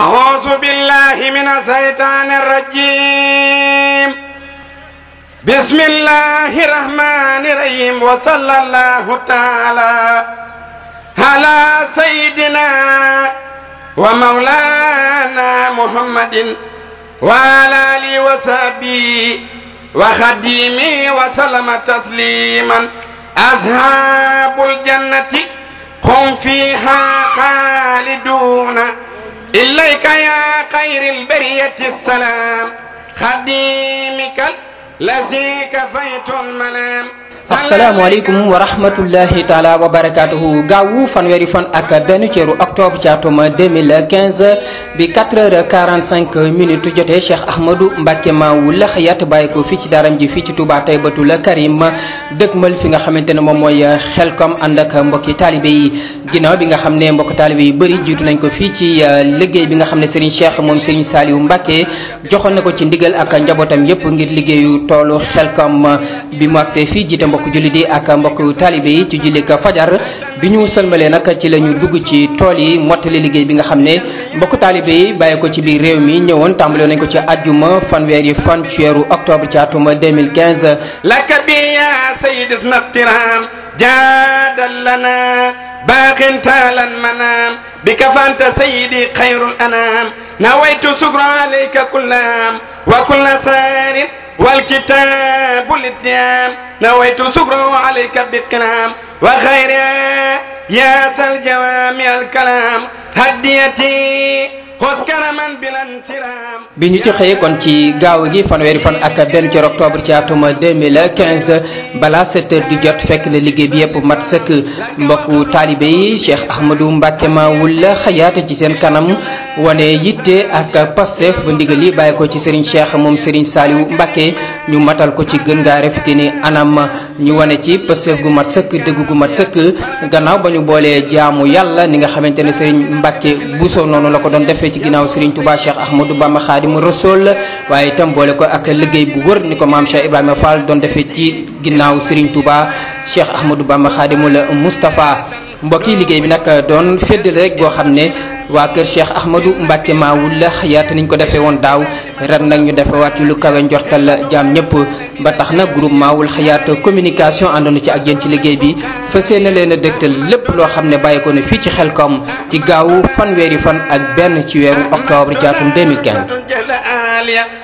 أعوذ بالله من الشيطان الرجيم بسم الله الرحمن الرحيم وصلى الله تعالى على سيدنا ومولانا محمد وعلى آله وصحبه وخديمه وسلم تسليما أصحاب الجنة هم فيها خالدون إليك يا خير البرية السلام خديمك الذي كفيت المنام asalaamaaleykum wa rahmatullahi taala wa barakaatuhu gaawu fanweeri fan ak benn ceeru octobre ci atum 2015 bi 4 heures 45 minutes jotee Cheikh Ahmadou Mbacke Maoul Hayaat bàyyi ko fii ci daaram ji fii ci Touba Taybatul Karim dëkkmal fi nga xamante ne moom mooy xelkom ànd ak mbokki taalibe yi ginnaaw bi nga xam ne mbokk taalibe yi bëri jiitu nañ ko fii ci liggéey bi nga xam ne Serigne Cheikh moom Serigne Saliou Mbacke joxoon na ko ci ndigal ak njabootam yépp ngir liggéeyu toolu xelkom bi mu agsee fii jiite mbokk jullit yi ak mbokk taalibe yi ci jullit fajar bi ñu sëlmalee nag ci la ñu dugg ci tool yi mottali liggéey bi nga xam ne mbokk taalibe yi bàyyi ko ci biir réew mi ñëwoon tàmbale nañ ko ci àjjuma fanweeri fan ci weeru octobre ci atum 2015 laka bi ya sayyidis naftiram jaadal lana baaxin taalan manaam bi kafanta sayyidi xayrul anaam nawaytu sukra alayka kullam wa kulla saarin والكتاب الاتنام نويت سكره عليك بالكلام وخير يا سل جوامع الكلام هديتي bi ñu ci xëyee kon ci gaaw gi fanweeri fan ak benn ci octobre ci atum 2015 balaa 7 heures di jot fekk na liggéey bi yëpp mat sëkk mbokku taalibe yi Cheikh Ahmadou Mbacke Mawoula xayaate ci seen kanam wane yitte ak Pastef ba ndigal yi bàyyi ko ci Serigne Cheikh moom Serigne Saliou mbakke ñu matal ko ci gën ngaa rafetee ni anam ñu wane ci Pastef gu mat sëkk dëgg gu mat sëkk gannaaw ba ñu boolee jaamu yàlla ni nga xamante ne Serigne Mbacke noonu la ko ci ginnaaw Serigne Touba Cheikh Ahmadou Bamba Khadimu Rasoul waaye tam boole ko ak liggéey bu wër ni ko maam Cheikh Ibrahima Fall doon defee ci ginnaaw Serigne Touba Cheikh Ahmadou Bamba Khadimul Moustapha mbokk yi liggéey bi nag doon féddale rek goo xam ne waa kër Cheikh Ahmadou Mbacke Maawul la yaata niñ ko defee woon daaw ren nag ñu defewaat ci lu kawe njortal jaam ñëpp ba tax na groupe Maawul xayaat communication àndoon ci ak yéen ci liggéey bi fas yéene leen a lépp loo xam ne bàyyi ko ne fii ci Xelkom ci gaawu fanweeri fan ak benn ci weeru octobre ci atum 2015.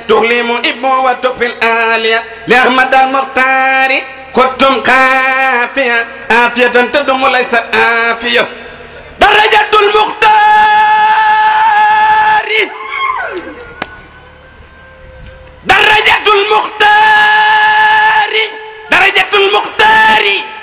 تغلم ابن وتكفي الآلية لأحمد المختار كتم كافيا افيا تدم ليست افيا درجة المختار درجة المختار درجة المختار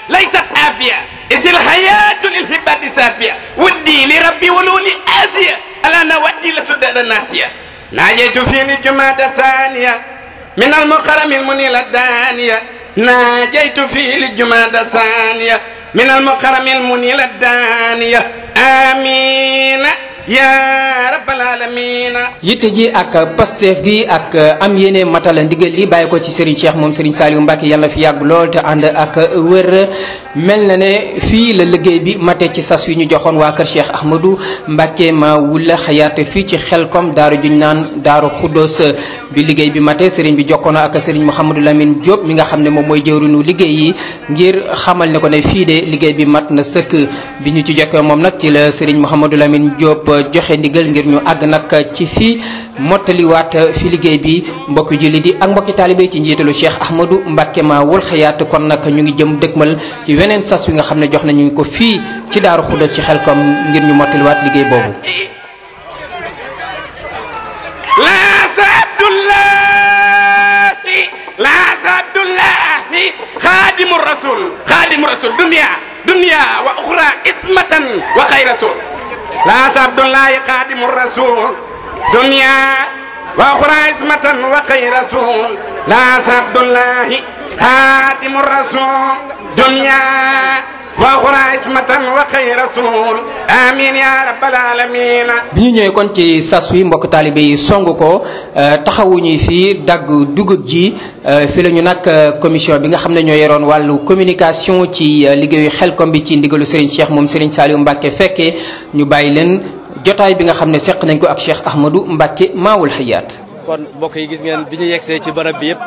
ليست افيا إذ الحياة للهبات سافيا ودي لربي ولولي ازيا ألا انا نودي لسدد الناسية ناجيت فيني جمادة ثانية من المقرم المنيل الدانية ناجيت في الجمادة ثانية من المقرم المنيل الدانية آمين yaa rabbal aalamiina. yitte ji ak pasteef gi ak am yéene matala ndigal li bàyyi ko ci Serigne Cheikh moom Serigne Saliou Mbacke yàlla fi yàgg lool te ànd ak wër mel na ne fii la liggéey bi mate ci sas yu ñu joxoon waa kër Cheikh Ahmadou Mbacke ma wula xayaate fii ci xel xelkom daaru juñ naan daaru xuddos bi liggéey bi mate Serigne bi jokkoon ak Serigne Mouhamadou Lamine Diop mi nga xam ne moom mooy jëwriñu liggéey yi ngir xamal liggéey liggéey bi mat na sëkk bi ñu ci jokkee moom nag ci la Serigne Mouhamadou Lamine Diop joxe ndigal ngir ñu àgg nag ci fii mottaliwaat fi liggéey bi mbokki jullit di ak mbokki taalibe ci njiitalu Cheikh mbakke Mbacke Mawoul Hayaat kon nag ñu ngi jëm dëgmal ci weneen sas wi nga xam ne jox nañu ko fii ci Daaru Xuda ci xel Xelkom ngir ñu mottaliwaat liggéey boobu. الله خادم الرسول خادم الرسول دنيا دنيا وأخرى اسمة وخير رسول لا عبد الله خادم الرسول دنيا وأخرى اسمة وخير رسول لا عبد الله خادم الرسول دنيا واخرى عصمة وخير رسول امين يا رب العالمين بني نيو كون تي ساسوي مبوك طالبي سونغو كو تخاوو ني في دغ دوغوت جي في لا نيو ناك كوميسيون بيغا خامن نيو يرون والو كومونيكاسيون تي ليغي خيل بي تي ديغلو سيرين شيخ موم سيرين ساليو مباكي فكي نيو باي لين جوتاي بيغا خامن سيق نانكو اك شيخ احمدو مباكي ماول حيات كون بوكاي غيس نين بي نيو يكسي تي بارا بييب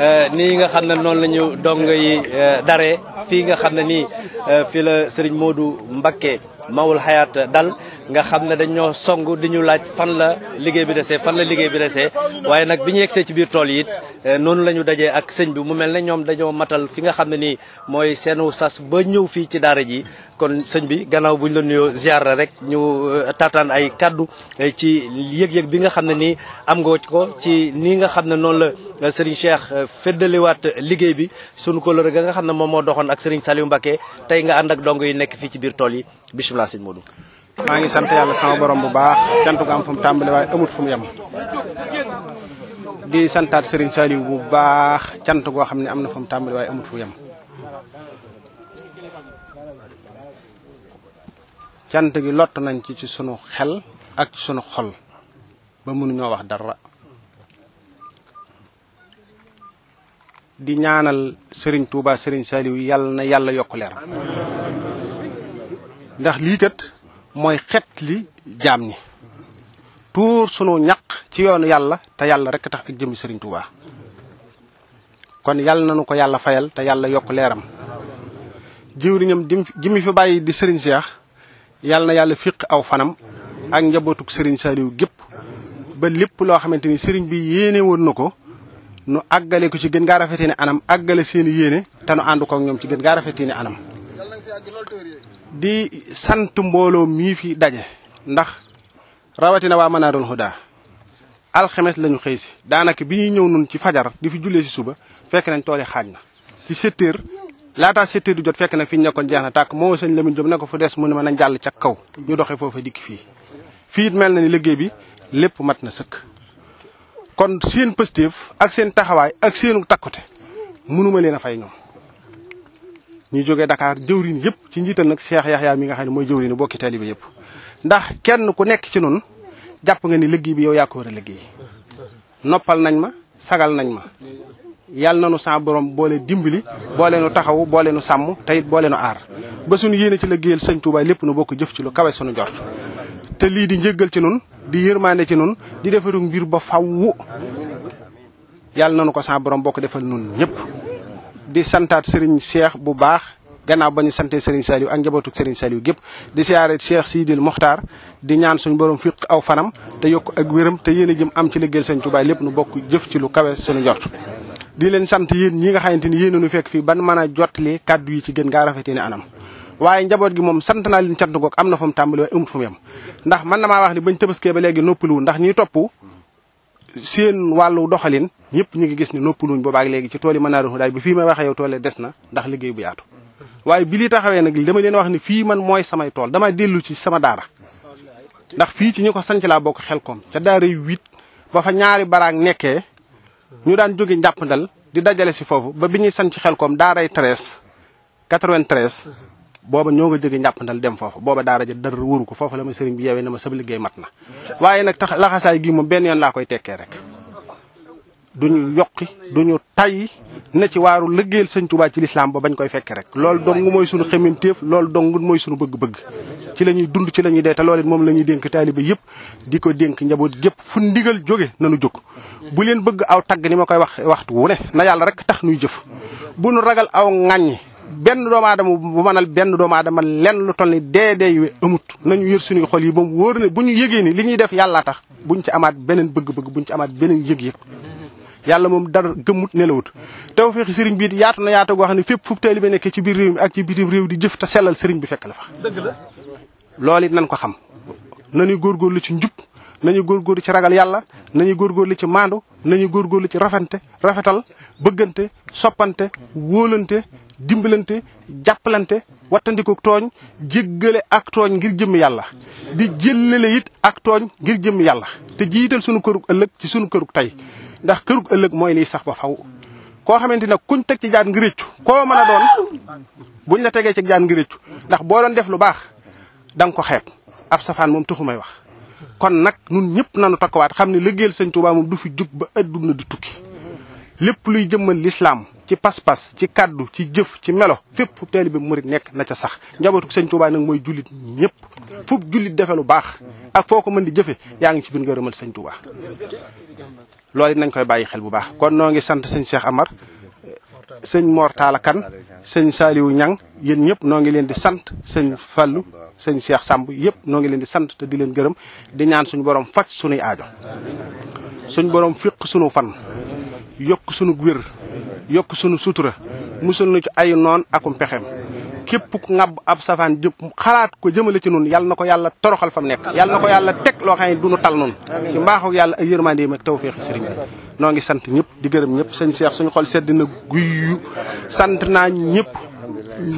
Eh, nii nga xam ne noonu lañu ñu dong yi eh, dare fii nga xam ne nii eh, fii la Serigne Modou mbake Mawul xayaat dal nga xam ne dañoo song di ñu laaj fan la liggéey bi desee fan la liggéey bi desee waaye nag bi ñu yegsee ci biir tool yi eh, noonu la ñu dajee ak sëñ bi mu mel ne ñoom dañoo matal fi nga xam ne nii mooy seenu sas ba ñëw fii ci daara ji kon sëñ bi gannaaw bu ñu la nuyoo ziar rek ñu eh, taataan ay kàddu eh, ci yëg-yëg bi nga xam ne nii am nga ko ci nii nga xam ne noonu la sëriñ Cheikh feddaliwaat liggéey bi sunu kóllëre ga nga xam ne moom moo doxoon ak sëriñ Saliou Mbacké tey nga ànd ak dong yi nekk fii ci biir tool yi bisimilah sëñ Mangi ngi sant yàlla sama borom bu baax cant gam fum fu way amut fum yam di santat Serigne saliw bu baax cant go xamni amna fum na way amut fu yam yem cant gi lot nañ ci ci sunu xel ak ci sunu xol ba ñoo wax dara di ñaanal Serigne Touba Serigne saliw yalla na yalla yokk ndax li kat mooy xet li jaam ñi tuur sunu ñaq ci yoonu yàlla te yalla rek tax ak jëmi sëriñ Touba kon yàlla nanu ko yalla fayal te yàlla yokk leeram jiwriñam jimi fi bàyyi di na yàlla fiq aw fanam ak njabootuk sëriñ Saliou gépp ba lépp loo xamante ni sëriñ bi yéene woon ko nu àggale ko ci gën gaa rafetee ne anam agale seen yéene tanu nu ko ak ci gën anam di sant mbooloo mii fi daje ndax rawatina waa Manaarul Huda alxemes lañu xëy si daanaka bi ñuy ñëw nun ci fajar di fi jullee si suba fekk nañ tool yi xaaj na ci sept heures laataa sept heures du jot fekk na fi ñu nekkoon jeex na tàkk moo sëñ Lamine Diop ne ko fu des mu ne mën a jàll ca kaw ñu doxe foofa dikki fii fii it mel na ni liggéey bi lépp mat na sëkk kon seen pëstéef ak taxawaay ak seenu takkute mënuma leen a fay ñoom ñu jógee Dakar jëwriñ yëpp ci njiital nag Cheikh Yaxya mi nga xam ne mooy jëwriñu bokki bi yëpp ndax kenn ku nekk ci nun jàpp nga ni liggéey bi yow yaa ko war a liggéey noppal nañ ma sagal nañ ma yàlla na nu sa borom boole dimbali boole nu taxawu boole nu sàmm te it boole nu aar ba suñu yéene ci liggéeyal sëñ Touba lépp nu bokk jëf ci lu kawe suñu jort te lii di njëggal ci nun di yërmaande ci nun di defaru mbir ba fawwu yàlla na nu ko sa borom bokk defal nun ñëpp di santaat Serigne Cheikh bu baax gannaaw ba ñu santee Serigne Saliou ak njabootu Serigne Saliou gépp di siyaare Cheikh Sidil Mokhtar di ñaan suñ borom fiq aw fanam te yokk ak wéram te yéen a jëm am ci liggéeyal Serigne Touba lépp nu bokk jëf ci lu kawe suñu njort di leen sant yéen ñi nga xamante ni yéen ñu fekk fii ban mën a jotli kàddu yi ci gën ngaa rafetee ne anam waaye njaboot gi moom sant naa leen cant goog am na fu mu tàmbali waaye amut fu ndax man na maa wax ni bañ tëbaskee ba léegi noppaluwu ndax ñiy topp seen wàllu doxalin ñëpp ñu ngi gis ne noppaluñ boobaak léegi ci tool yi Manarul Huda bi fii may waxee yow tool yi des na ndax liggéey bu yaatu waaye bi li taxawee nag dama leen wax ni fii man mooy samay tool dama dellu ci sama daara ndax fii ci ñu ko sanc laa bokk xel koom ca daara yu huit ba fa ñaari baraag nekkee ñu daan jóge njàppandal di dajale si foofu ba bi ñu sanc xel koom daaray treize quatre-vingt-treize booba ñoo nga jóge njàppandal dem foofa booba daara ja dara wuru ko foofa la ma sëriñ bi yewee na ma sa liggéey mat na waaye nag tax laxasaay gi moom benn yoon laa koy tekkee rek duñu yokki duñu tay na ci waaru liggéeyal sëñ tuba ci lislaam ba bañ koy fekke rek loolu dong mooy sunu xeminteef loolu dong mooy sunu bëgg-bëgg ci la ñuy dund ci la ñuy dee te moom la ñuy dénk taaliba yépp di ko dénk njaboot yëpp fu ndigal jóge nanu jóg bu leen bëgg aw tagg ni ma koy wax waxtu wu ne na yàlla rek tax nuy jëf bu nu ragal aw ŋàññi benn doomu aadama bu benn doomu lenn lu toll ni deedee yu amut nañu yër suñuy xol yi ba mu wóor ne bu ñu yëgee ni li ñuy def yàlla tax buñ ci amaat beneen bëgg-bëgg buñ ci amaat beneen yëg-yëg yàlla moom dara gëmmut nelawut tawfeexi sëriñ bi yaatu na yaatu goo xam ne fépp fu taalibe nekk ci biir réew mi ak ci bitim réew di jëf te sellal sëriñ bi fekk la fa loolu it nañ ko xam góor góor góorgóorlu ci njub góor góor li ci ragal yàlla nañu góorgóorlu ci maandu nañu góorgóorlu ci rafante rafetal bëggante soppante wóolante dimbalante jàppalante wattandiku tooñ jéggale ak tooñ ngir jëmm yàlla di jëllale it ak tooñ ngir jëmm yàlla te jiital sunu kërug ëllëg ci sunu kërug tey ndax kërug ëllëg mooy liy sax ba faw koo xamante nag kuñ teg ci jaan ngir rëccu koo mën a doon buñ la tegee ci jaan ngir rëccu ndax boo doon def lu baax da nga ko xeeb ab safaan moom taxu may wax kon nag nun ñëpp nanu takkuwaat xam ne liggéeyal sañ Tuubaa moom du fi jug ba adduna di tukki lépp luy jëmmal lislaam ci pas pass ci kaddu ci jëf ci melo fep fu bi mourid nek na ca sax njabootu seigne touba nak moy julit ñëpp fu julit defe lu baax ak foko mën di jëfé yaa ngi ci bin ngërëmal seigne touba loolu nañ koy bayyi xel bu bax kon no ngi sant seigne Cheikh Amar Sen Mor Sen seigne sëñ Saliou Niang yéen ñëpp noo ngi leen di sante seigne fallu seigne Cheikh sambu yep no ngi leen di sante te di leen gëreum di ñaan suñu borom suñu aajo suñu borom fiq suñu fan yok suñu yokk sunu sutura musal nu ci ay noon akum pexem képp ku ab safaan jëpp xalaat ko jëmale ci nun yal na ko yàlla toroxal fa mu nekk yal na ko yàlla teg loo xam ne du nu tal nun ci mbaaxu yàlla ay yërmande yi mag tawféexi sëriñ bi noo ngi sant ñëpp di gërëm ñëpp sëñ Cheikh suñu xol sedd na guyu sant naa ñëpp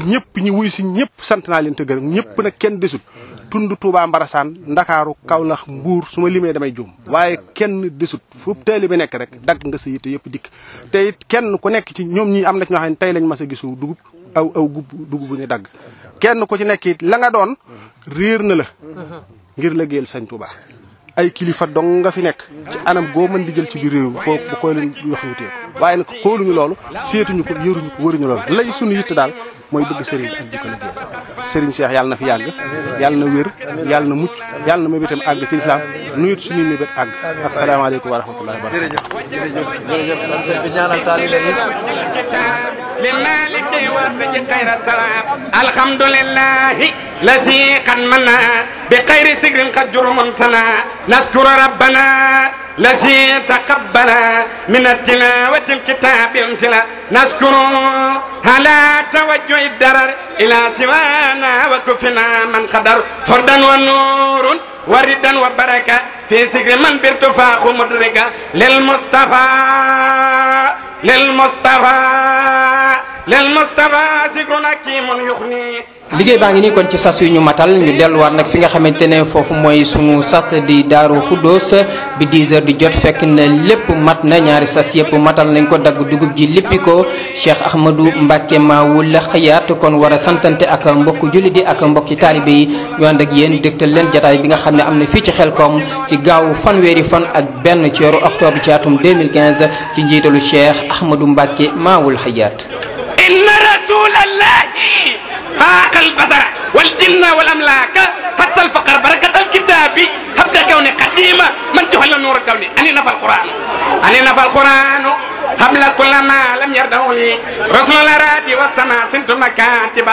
ñëpp ñi wuy si ñëpp sant naa leen te gërëm ñëpp na kenn desul tund Touba Mbarasaan Ndakaaru Kawlax Mbuur su ma limee damay juum waaye kenn desut fu taalibe bi nekk rek dagg nga sa yitte yëpp dikk tey it kenn ku nekk ci ñoom ñi am na ci ñoo xam ne tey lañ ma a gisu dugub aw aw gub dugub bu ñu dagg kenn ku ci nekk it la nga doon réer na la ngir la géel Sëñ Touba ay kilifa dong nga fi nekk ci anam goo mën di jël ci biir réew mi boo koy leen wax wuteeku waaye nag xooluñu loolu seetuñu ko yëruñu ko wëruñu loolu lay suñu yitte daal mooy bëgg sëriñ bi ak na fi yàgg yàlla na wér yàlla na mucc yàlla na mébétam àgg ci lislaam nuyut suñuy mébét àgg asalaamaaleykum wa rahmatullahi wa barakatuh لمالك يوافق خير السلام الحمد لله الذي قد منا بخير الذي تقبل من التلاوة الكتاب انزل نشكر على توجه الدرر إلى سوانا وكفنا من قدر هردا ونور وردا وبركة في سكر من بارتفاخ مدركة للمصطفى للمصطفى للمصطفى سكر نكيم يغني liggéey baa ngi nii kon ci sas yu ñu matal ñu delluwaat nag fi nga xamante ne foofu mooy sunu sas di daaru xuddoos bi 10 heures di jot fekk na lépp mat na ñaari sas yëpp matal nañ ko dagg dugub ji lépp ko Cheikh Ahmadou Mbacke Maawul Xayaat kon war a santante ak mbokk julli di ak mbokki taalibe yi ñu ànd ak yéen dégtal leen jataay bi nga xam ne am na fii ci xel koom ci gaawu fanweeri fan ak benn ci weeru octobre ci atum 2015 ci njiitalu Cheikh Ahmadou Mbacke Maawul Xayaat فاق البزر والجن والأملاك حس الفقر بركة الكتاب هبدا كوني قديمة من تهل نور كوني أني نفى القرآن أني نفى القرآن حمل كل ما لم يرده لي رسول راتي والسماء سنت مكاتبة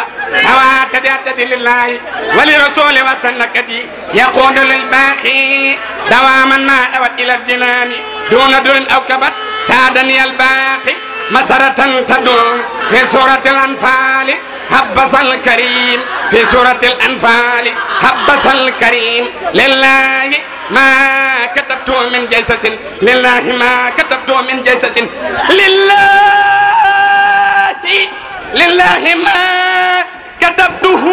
سواء تدعت لله ولرسول وتنكدي يقول للباخي دواما ما أود إلى الجنان دون دون أو كبت سادني الباقي مسرة تدوم في سورة الأنفال حبس الكريم في سورة الأنفال حبس الكريم لله ما كتبت من جسس لله ما كتبت من جسس لله لله ما كتبته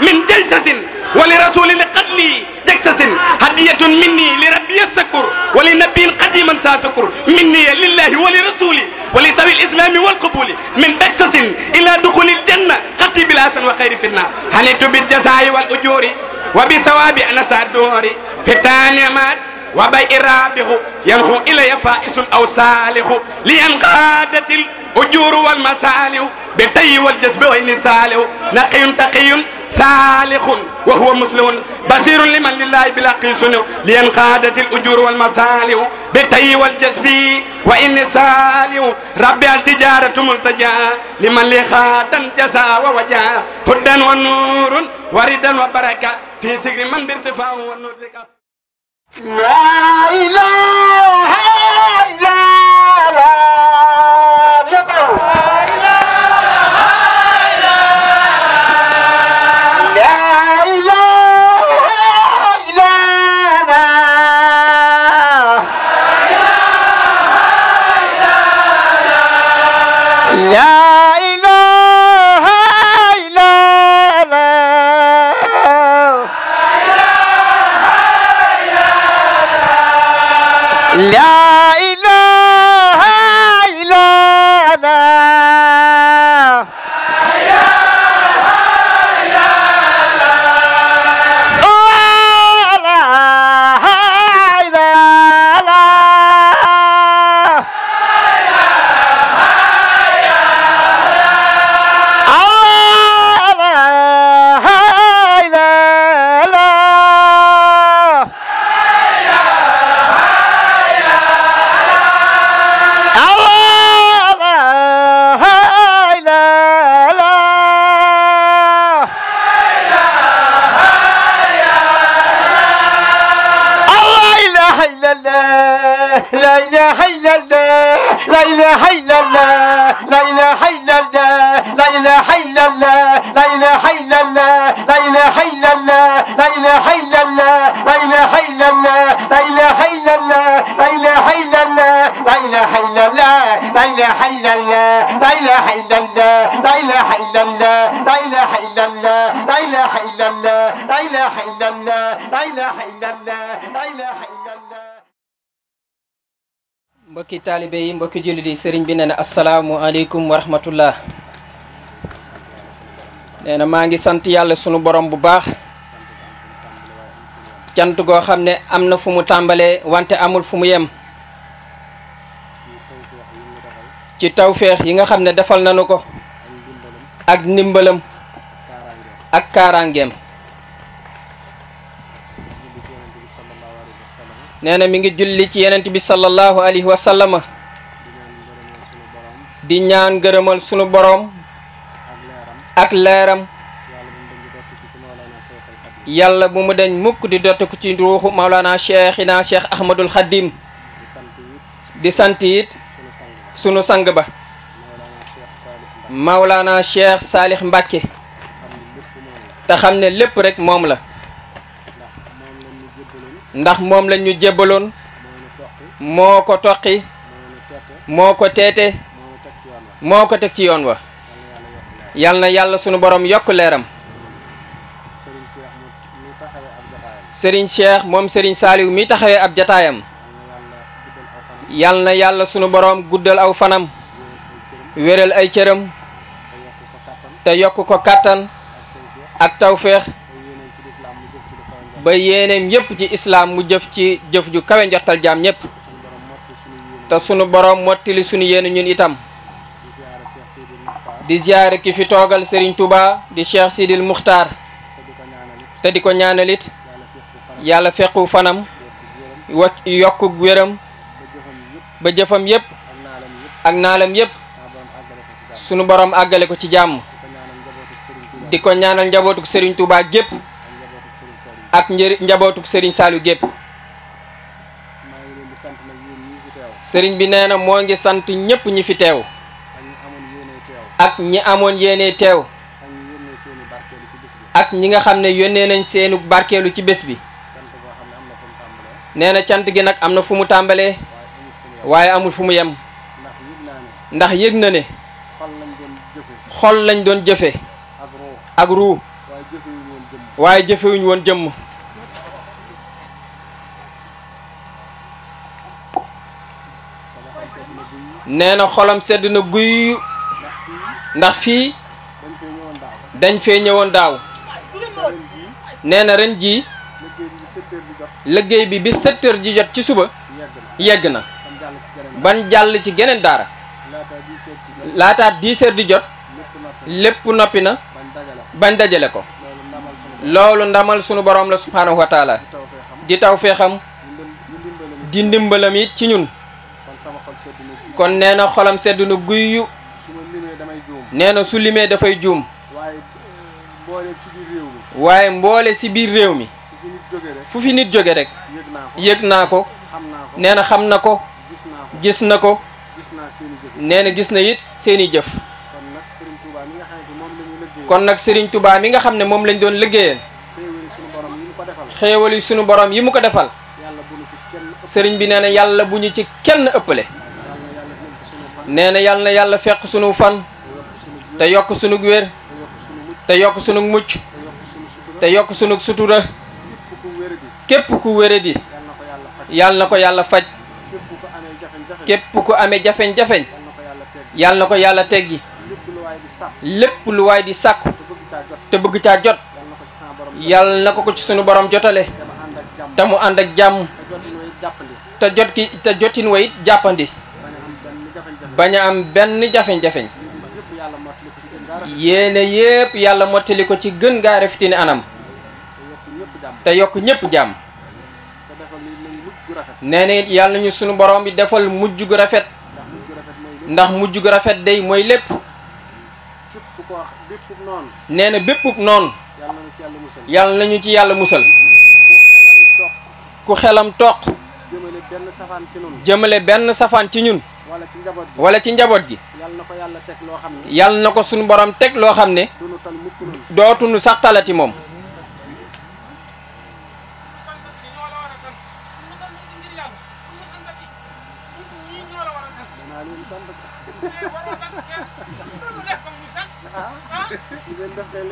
من جسس ولرسول لقتلي جسس هدية مني لربي السكر ولنبي قديما ساسكر مني لله ولرسولي ولسوي الإسلام والقبول من تكسس إلى دخول الجنة خطي بالحسن وخير في النار هنيت بالجزاء والأجور وبثواب أنس الدور في مات وبيع رابح ينهو إلي فائس أو صالح لأنقادة الأجور والمصالح بالتي والجذب والنسالح نقي تقي صالح وهو مسلم بصير لمن لله بلا قيس لأن قادت الأجور والمصالح بالتي والجذب وإن صالح ربي التجارة ملتجا لمن لخاتا جزا ووجا هدى ونور وردا وبركة في سجن من بارتفاع والنور لا إله إلا الله mbokki taalibe yi mbokki jullit yi sëriñ bi nee assalaamu asalaamualeykum wa rahmatullah na maa ngi sant yàlla sunu borom bu baax cant goo xam ne am na fu mu tàmbalee wante amul fu mu yem ci tawféex yi nga xam ne defal nanu ko ak ndimbalam ak kaaraangeem neena mi ngi julli ci yenente bi sallallahu alayhi wa sallam di ñaan gëreemal suñu borom ak leeram yalla bu mu deñ mukk di dottiku ci ruuxu maulana sheikhina sheikh Ahmadul Khadim di sant it sunu sang ba maulana sheikh salih Mbàkke ta xamne lepp rek mom la ndax moom lañ ñu jébbaloon moo ko toqi moo ko teete moo ko teg ci yoon wa yal na yàlla sunu borom yokk leeram sëriñ Cheikh moom sëriñ Saliou mi taxawee ab jataayam yal na yàlla sunu borom guddal aw fanam wéral ay cëram te yokk ko kàttan ak tawféex ba yéeneem yépp ci islaam mu jëf ci jëf ju kawe njortal jaam ñépp te sunu borom mottali sunu yéene ñun itam di ziyaare ki fi toogal Serigne Touba di Cheikh Sidil Muxtaar te di ko ñaanalit yàlla fequ fanam wa wéram ba jëfam yépp ak naalam yépp sunu borom àggale ko ci jàmm di ko ñaanal njabootuk sëriñ Touba jépp ak njëri njabootuk sëriñ saalu gépp sëriñ bi nee na moo ngi sant ñépp ñi fi teew ak ñi amoon yéene teew ak ñi nga xam ne yónnee nañ seenu barkeelu ci bés bi nee na cant gi nag am na fu mu tàmbalee waaye amul fu mu yem ndax yég na ne xol lañ doon jëfe ak ruu waaye jëfewuñ woon jëmm nee na xolam sedd na guy ndax fii dañ fee ñëwoon daaw nee na ren jii liggéey bi bi sept heures jot ci suba yegg na ban jàll ci geneen daara laata dix heures jot lépp noppi na bañ dajale ko loolu ndamal sunu borom la subhaanahu di taw feexam di ndimbalam it ci ñun kon nee na xolam sedd na guy nee na su limee dafay juum waaye mboole si biir réew mi fu fi nit jóge rek yëg naa ko nee na xam na ko gis na ko nee na gis na it seeni jëf kon nag Serigne tubaab mi nga xam ne moom lañ doon liggéeyal xéewal yi sunu borom yi mu ko defal sëriñ bi nee na yàlla bu ñu ci kenn ëppale nee na yàlla na yàlla fekk sunu fan te yokk sunu wér te yokk sunu mucc te yokk sunu sutura képp ku wéradi yàlla na ko yàlla faj képp ku amee jafeñ-jafeñ yàlla na ko yàlla teggi lépp lu waay di sàkku te bëgg caa jot yàlla na ko ko ci sunu borom jotale te mu ànd ak jàmm te jot ki te jotin wa it jàppandi bañ a am benn jafeñ-jafeñ yéene yépp yàlla mottali ko ci gën gaa rafetini anam te yokk ñëpp jàmm nee na it yàlla nañu sunu borom bi defal mujj gu rafet ndax mujj gu rafet day mooy lépp nee bepp non, yang lenyuci, nañu ci yalla musal ku xelam tok jëmele ben safan ci ñun wala ci njabot gi yalla nako yalla tek lo xamne ko yàlla teg borom ah li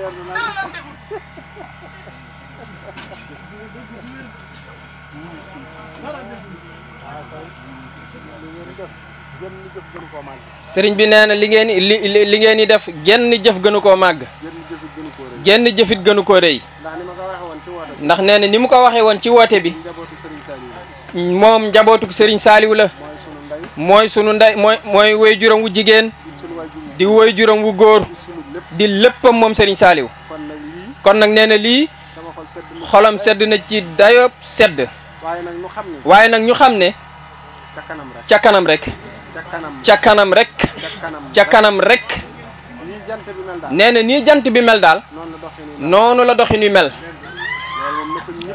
sëriñ bi nee na li ngeen li li ngeen di def genn jëf gënu koo màgg. genn jëfit gënu koo rëy. ndax nee ni mu ko waxee woon ci woote bi. moom njabootuk sëriñ Saaliw la. mooy sunu ndey mooy mooy jigéen. di woy juram wu gor di léppam mom Serigne saliw kon nene neena li xolam sedd na ci dayop sedd waye nak ñu xamne ca kanam rek ca kanam rek ca kanam rek neena ni jant bi mel dal nonu la doxin wi mel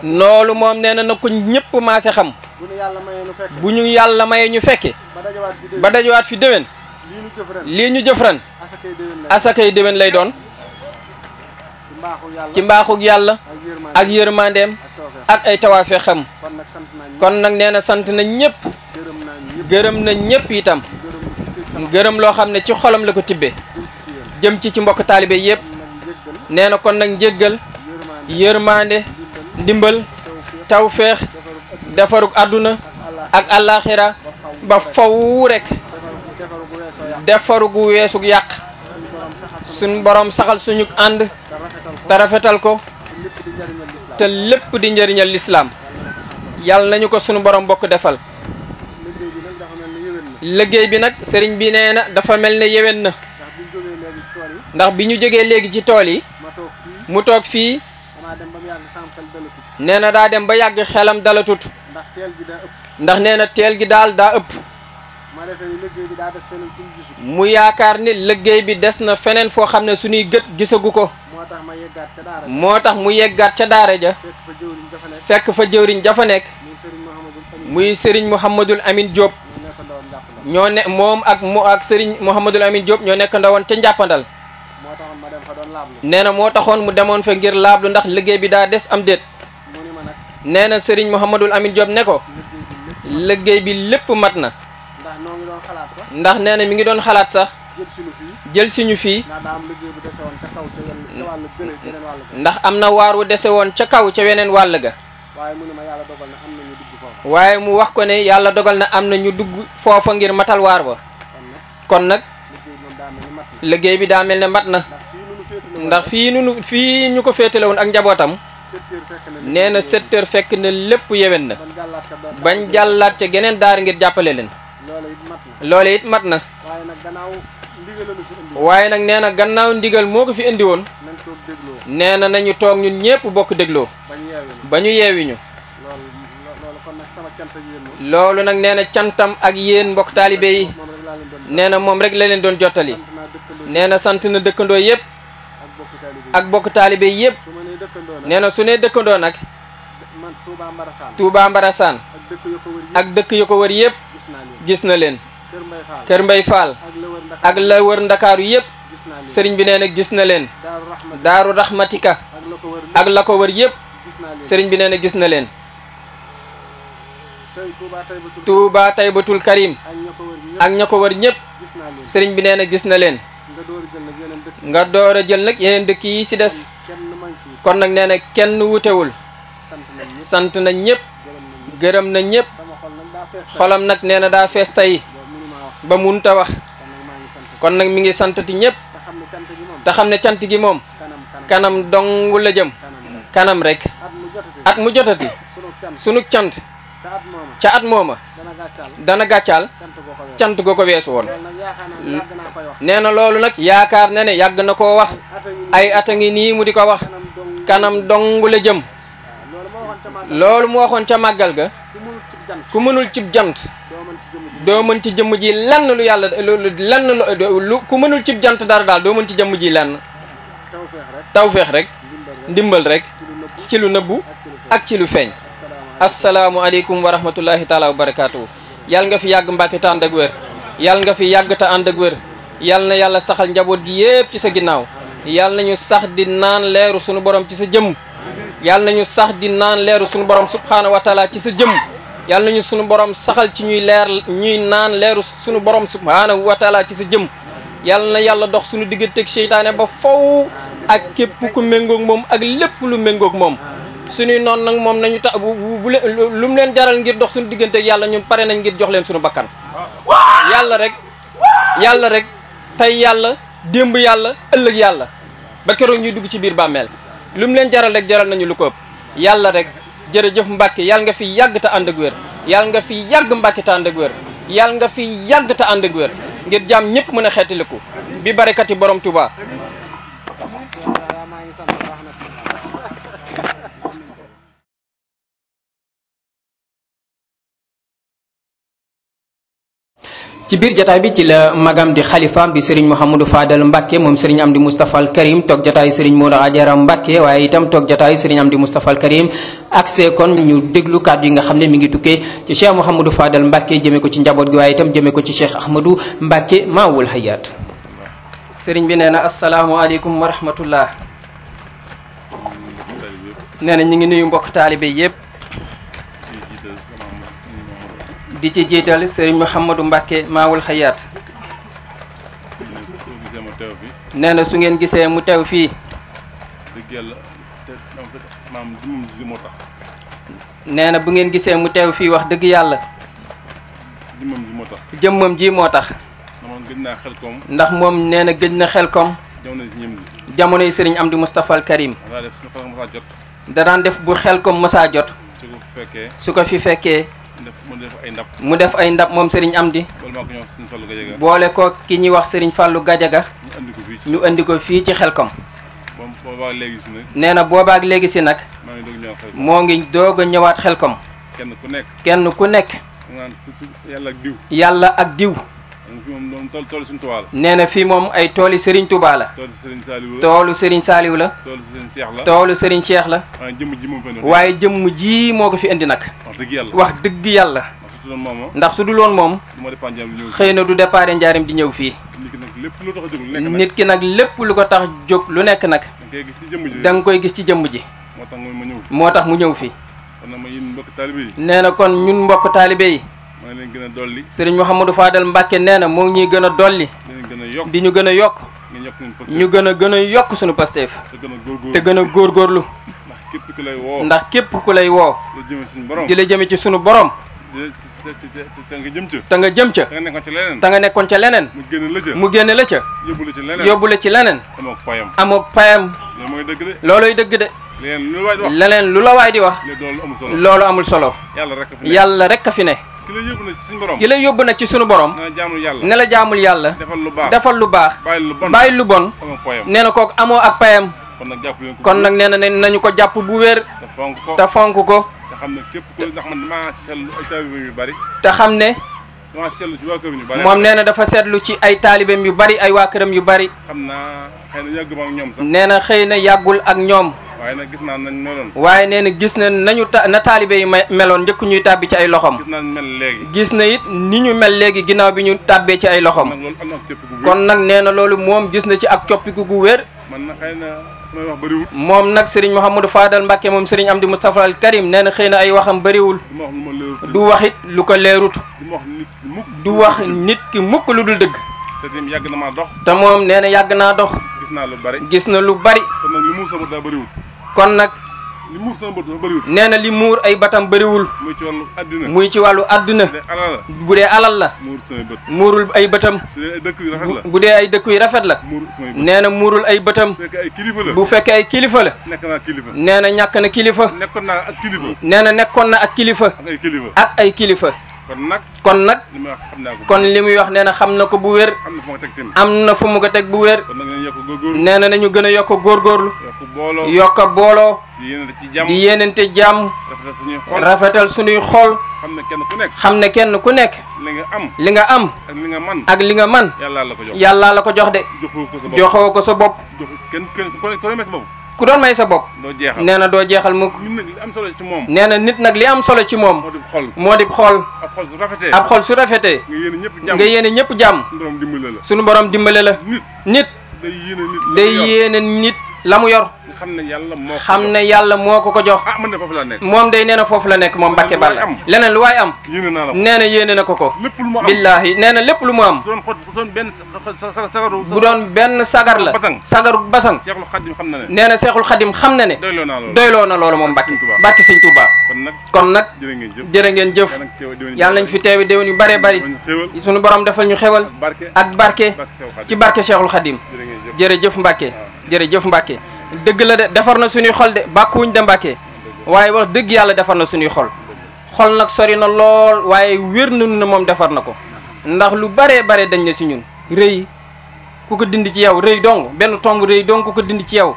nolu mom neena nak na ko ma maase xam buñu yalla maye ñu fekke ba dajewat fi lii ñu jëf ren asakay déwén lay doon ci mbaaxug yàlla ak yërmandeem ak ay tawaafeexam kon nag nee na sant na ñëpp gërëm na ñëpp itam gërëm loo xam ne ci xolam la ko tibbee jëm ci ci mbokk taalibe yëpp nee na kon nag njéggal yërmande ndimbal tawfeex defarug àdduna ak àllaaxira ba faw rekk defaru gu weesu yàq suñ borom saxal suñu ànd te rafetal ko te lépp di njariñal lislaam yàlla nañu ko sunu borom bokk defal liggéey bi nag sëriñ bi nee na dafa mel ne yéwén na ndax bi ñu jógee léegi ci tool yi mu toog fii nee na daa dem ba yàgg xelam dalatut ndax nee na teel gi daal daa ëpp mu yaakaar ne liggéey bi des na feneen foo xam ne suñuy gët gisagu ko moo tax mu yeggaat ca daara ja fekk fa jëwriñ jafa nekk muy sëriñ Mouhamadul Amine Diop ñoo ne moom ak mu ak sëriñ Mouhamadul Amine Diop ñoo nekk ndawoon ca njàppandal nee na moo taxoon mu demoon fa ngir laablu ndax liggéey bi daa des am déet nee na sëriñ Mouhamadul Amine Diop ne ko liggéey bi lépp mat na ndax neena mi ngi doon xalaat sax. jël suñu fi ndax am na waar wu dese woon ca kaw ca weneen wàll ga. waaye mu wax ko ne yàlla dogal na am na ñu dugg foofa ngir matal waar ba. kon nag liggéey bi daa mel ne mat na. ndax fii nu fii ñu ko féetale woon ak njabootam. nee na secteur fekk na lépp yewen na. bañ jàllaat ca geneen daar ngir jàppale leen. loole it mat na waaye nag nee na gannaaw ndigal moo ko fi indi woon nee na nañu toog ñun ñépp bokk dégloo ba ñu yeewiñu loolu nag nee na cantam ak yéen mbokk taalibe yi nee na moom rek la leen doon jottali nee na sant na dëkkandoo yépp ak bokk taalibe yi yépp nee na su ne dëkkandoo nag Touba Mbarasaan ak dëkk yu ko wër yépp gis na leen Mbay Fall ak la wër ndakaaru yëpp bi nee na gis na leen daaru raxmatika ak la ko wër bi nee na gis na leen Touba Taybatul Karim ak ña ko wër ñëpp sëriñ bi nee na gis na leen nga door a jël nag yeneen dëkk yi ci des kon nag nee na kenn wutewul sant na ñëpp gërëm na ñëpp xolam nak neena da fess tay tey ba munta wax kon nak mi ngi santati ne cant gi mom kanam dong la jëm kanam rek at mu jotati sunu cant ca at mooma dana gatchal cant goko wess won neena lolu nak yaakar neene yag nako wax ay atangi ni mu diko wax kanam dong la jëm lolu mo waxon ca magal ga ku mënul cib jant doo mën ci jëmm ji lenn lu yàlla lenn lu ku mënul cib jant dara daal doo mën ci jëmm ji lenn tawfeex rek ndimbal rek ci lu nëbbu ak ci lu feeñ asalaamualeykum wa rahmatullahi taala wa barakaatu. yàlla nga fi yàgg mbàkke te ànd ak wér yàlla nga fi yàgg te ànd ak wér yàlla na yàlla saxal njaboot gi yépp ci sa ginnaaw yàlla nañu sax di naan leeru sunu borom ci sa jëmm yàlla nañu sax di naan leeru sunu borom subhaanahu wa ci sa jëmm yàlla nañu sunu borom saxal ci ñuy leer ñuy naan leeru sunu borom subhaanahu wa taala ci sa jëm yàlla na yàlla dox sunu digganteeg seytaane ba faw ak képp ku méngook moom ak lépp lu méngoog moom suñuy noon nag moom nañu tax bu bu lu mu leen jaral ngir dox suñu digganteeg yàlla ñun pare nañ ngir jox leen suñu bakkan yàlla rek yàlla rek tey yàlla démb yàlla ëllëg yàlla ba keroog ñuy dugg ci biir bàmmeel lu mu leen jaral rek jaral nañu lu ko yàlla rek jërëjëf Mbacke yàlla nga fi yàgg te ànd ak nga fi yàgg Mbacke te ànd ak nga fi yàgg te ànd ak wér ngir jàmm ñëpp mën a xeetiliku bi barakati borom Touba ci biir jataay bi ci la magam di xalifaam di sëriñ Mouhamadou Fadal Mbacke moom sëriñ Amdi Moustapha al Karim toog jataayu sëriñ Modou Ajara Mbacke waaye itam toog jataayu sëriñ Amdi Moustapha al Karim ak kon ñu déglu kàddu yi nga xam ne mi ngi tukkee ci Cheikh Mouhamadou Fadal Mbacke jëmee ko ci njaboot gi waaye itam jëmee ko ci Cheikh Ahmadou Mbacke Maawul Hayaat sëriñ bi nee na asalaamaaleykum wa rahmatullah nee na ñu ngi nuyu mbokk taalibe yépp di ci jital serigne Mouhamadou Mbacke mawul khayat nee su ngeen gisee mu teew fii nee na bu ngeen gisee mu tew fi wax deug yalla jëmmam ji moo tax jëmmam ji moo tax ndax mom nee na gëj na xel kom jamonoy serigne amdou mustapha Al Karim da daan def bu xel kom massa jot su ko fi fekkee mu def ay ndab moom sëriñ Serigne Amdi boole ko ki ñuy wax sëriñ fàllu Fallou Gadiaga ñu indi ko fii ci xel xelkom nee na boobaak léegi si nag moo ngi doog a ñëwaat xel kenn ku kenn ku nekk yàlla ak diw moom tool nee fii moom ay tooli Serigne Touba la. toolu Serigne Saliou la toolu Serigne Cheikh la ji moo fi endinak. ko fi indi nag. wax dëgg yàlla wax dëgg yàlla. ndax su dul woon moom. du départ njaarim di ñëw fii. nit ki nag lépp lu ko tax jóg lu nekk nag. da koy gis ci jëmm ji. moo mu ñëw fii. nee kon ñun mbokk taalibe yi. maa leen gën a dolli sëriñ Mouhamadou Fadel Mbacke nee na moo ñuy gën a dolli di ñu gën yokk ñu gën a gën a yokk suñu pasteef te gën a góorgóorlu képp ku lay woo ndax képp ku lay woo. di la jëme ci sunu borom. te nga jëm ca. te nga nekkoon ca leneen. mu génne la ca mu génne la ca. yóbbu la ci leneen yóbbu la ci leneen. amook payam amook payam. loolu dëgg de. leneen lu la waay di wax lu la waay di wax. loolu amul solo loolu yàlla rek a a fi ne. ki yóbbu nag ci suñu borom ki la yóbbu nag ci suñu borom. ne la jaamul yàlla la jaamul yàlla. defal lu baax defal lu baax. bàyyi lu bon bàyyi lu bon. nee na kooku amoo ak payam. kon nag kon nag nee na nañu ko jàpp bu wér. te fonk ko te fonk ko. te xam ne képp ku ndax yu bari. te xam ne. damaa seetlu ci waa këram moom nee na dafa seetlu ci ay taalibeem yu bari ay waa këram yu bari. xam naa xëy na ñoom nee na xëy na yàggul ak ñoom waaye nag gis naa nañ waaye nee na gis na nañu ta na taalibe yi meloon njëkk ñuy tàbbi ci ay loxoom gis na mel gis na it ni ñu mel léegi ginnaaw bi ñu tàbbee ci ay loxom kon nag nee na loolu moom gis na ci ak coppiku gu wér. moom nag Serigne Mouhamadou Fadal Mbacke moom Serigne Amdi Moustapha Al Karim nee na xëy na ay waxam bëriwul. du wax it lu ko leerut. du wax nit ki mukk lu dul dëgg. te tamit te moom nee na yàgg naa dox. gis naa lu bari. gis na lu bari. mu sëbër daa bëriwul. kon nag li nee na li muur ay batam bëriwul. muy ci wàllu àddina ci wàllu àddina. bu dee alal la. muur muurul ay bëtam. bu dee ay dëkk yu rafet la. dee ay dëkk yu rafet la. nee na muurul ay bëtam. bu fekkee ay kilifa la bu nee na ñàkk na kilifa. nekkoon naa ak kilifa. nee na nekkoon na ak kilifa. ak ay kilifa ak ay kilifa. kon nag kon nag kon li muy wax nee na xam na ko bu wér. am na fu mu ko teg bu wér. nee na nañu gën a yokk góorgóorlu. yokk booloo. di yéenante jàmm. rafetal suñuy xool xam ne kenn ku nekk. li nga am. ak li nga man yàllaa la ko jox de. joxoo ko sa bopp. kenn ku ne sa bopp. ku doon may sa bopp. doo jeexal nee na doo jeexal mukk. nee na nit nag li am solo ci moom. moo di xol moo di xol. ab xol su rafetee ab xol nga yéene ñëpp jàmm. suñu borom dimbale la suñu borom dimbale la. nit nit. day yéene nit. la mu yor xam ne yàlla moo xam ne yàlla moo ko ko jox ah man de foofu la nekk moom day nee na foofu la nekk moom Mbacke Balla leneen lu waay am yéene naa la nee na yéene na ko ko lépp lu mu am billaahi nee na lépp lu mu am bu doon xot bu doon benn sagaru bu doon benn sagar la sagaru basang Seexul Xadim xam na ne nee na Seexul Xadim xam na ne doyloo naa loolu doyloo na loolu moom Mbacke Mbacke Sëñ Touba kon nag kon nag jërë ngeen jëf yàlla nañ fi teewe déwén yu bare bari suñu borom defal ñu xewal ak barke ci barke Seexul Xadim jërëjëf Mbacke jërëjëf Mbacke dëgg la de defar na suñuy xol de bàkkuwuñ de Mbacke waaye wax dëgg yàlla defar na suñuy xol xol nag sori na lool waaye wér nañu ne moom defar na ko ndax lu baree bare dañ na si ñun rëy ku ko dindi ci yow rëy dong benn tomb rëy dong ku ko dindi ci yow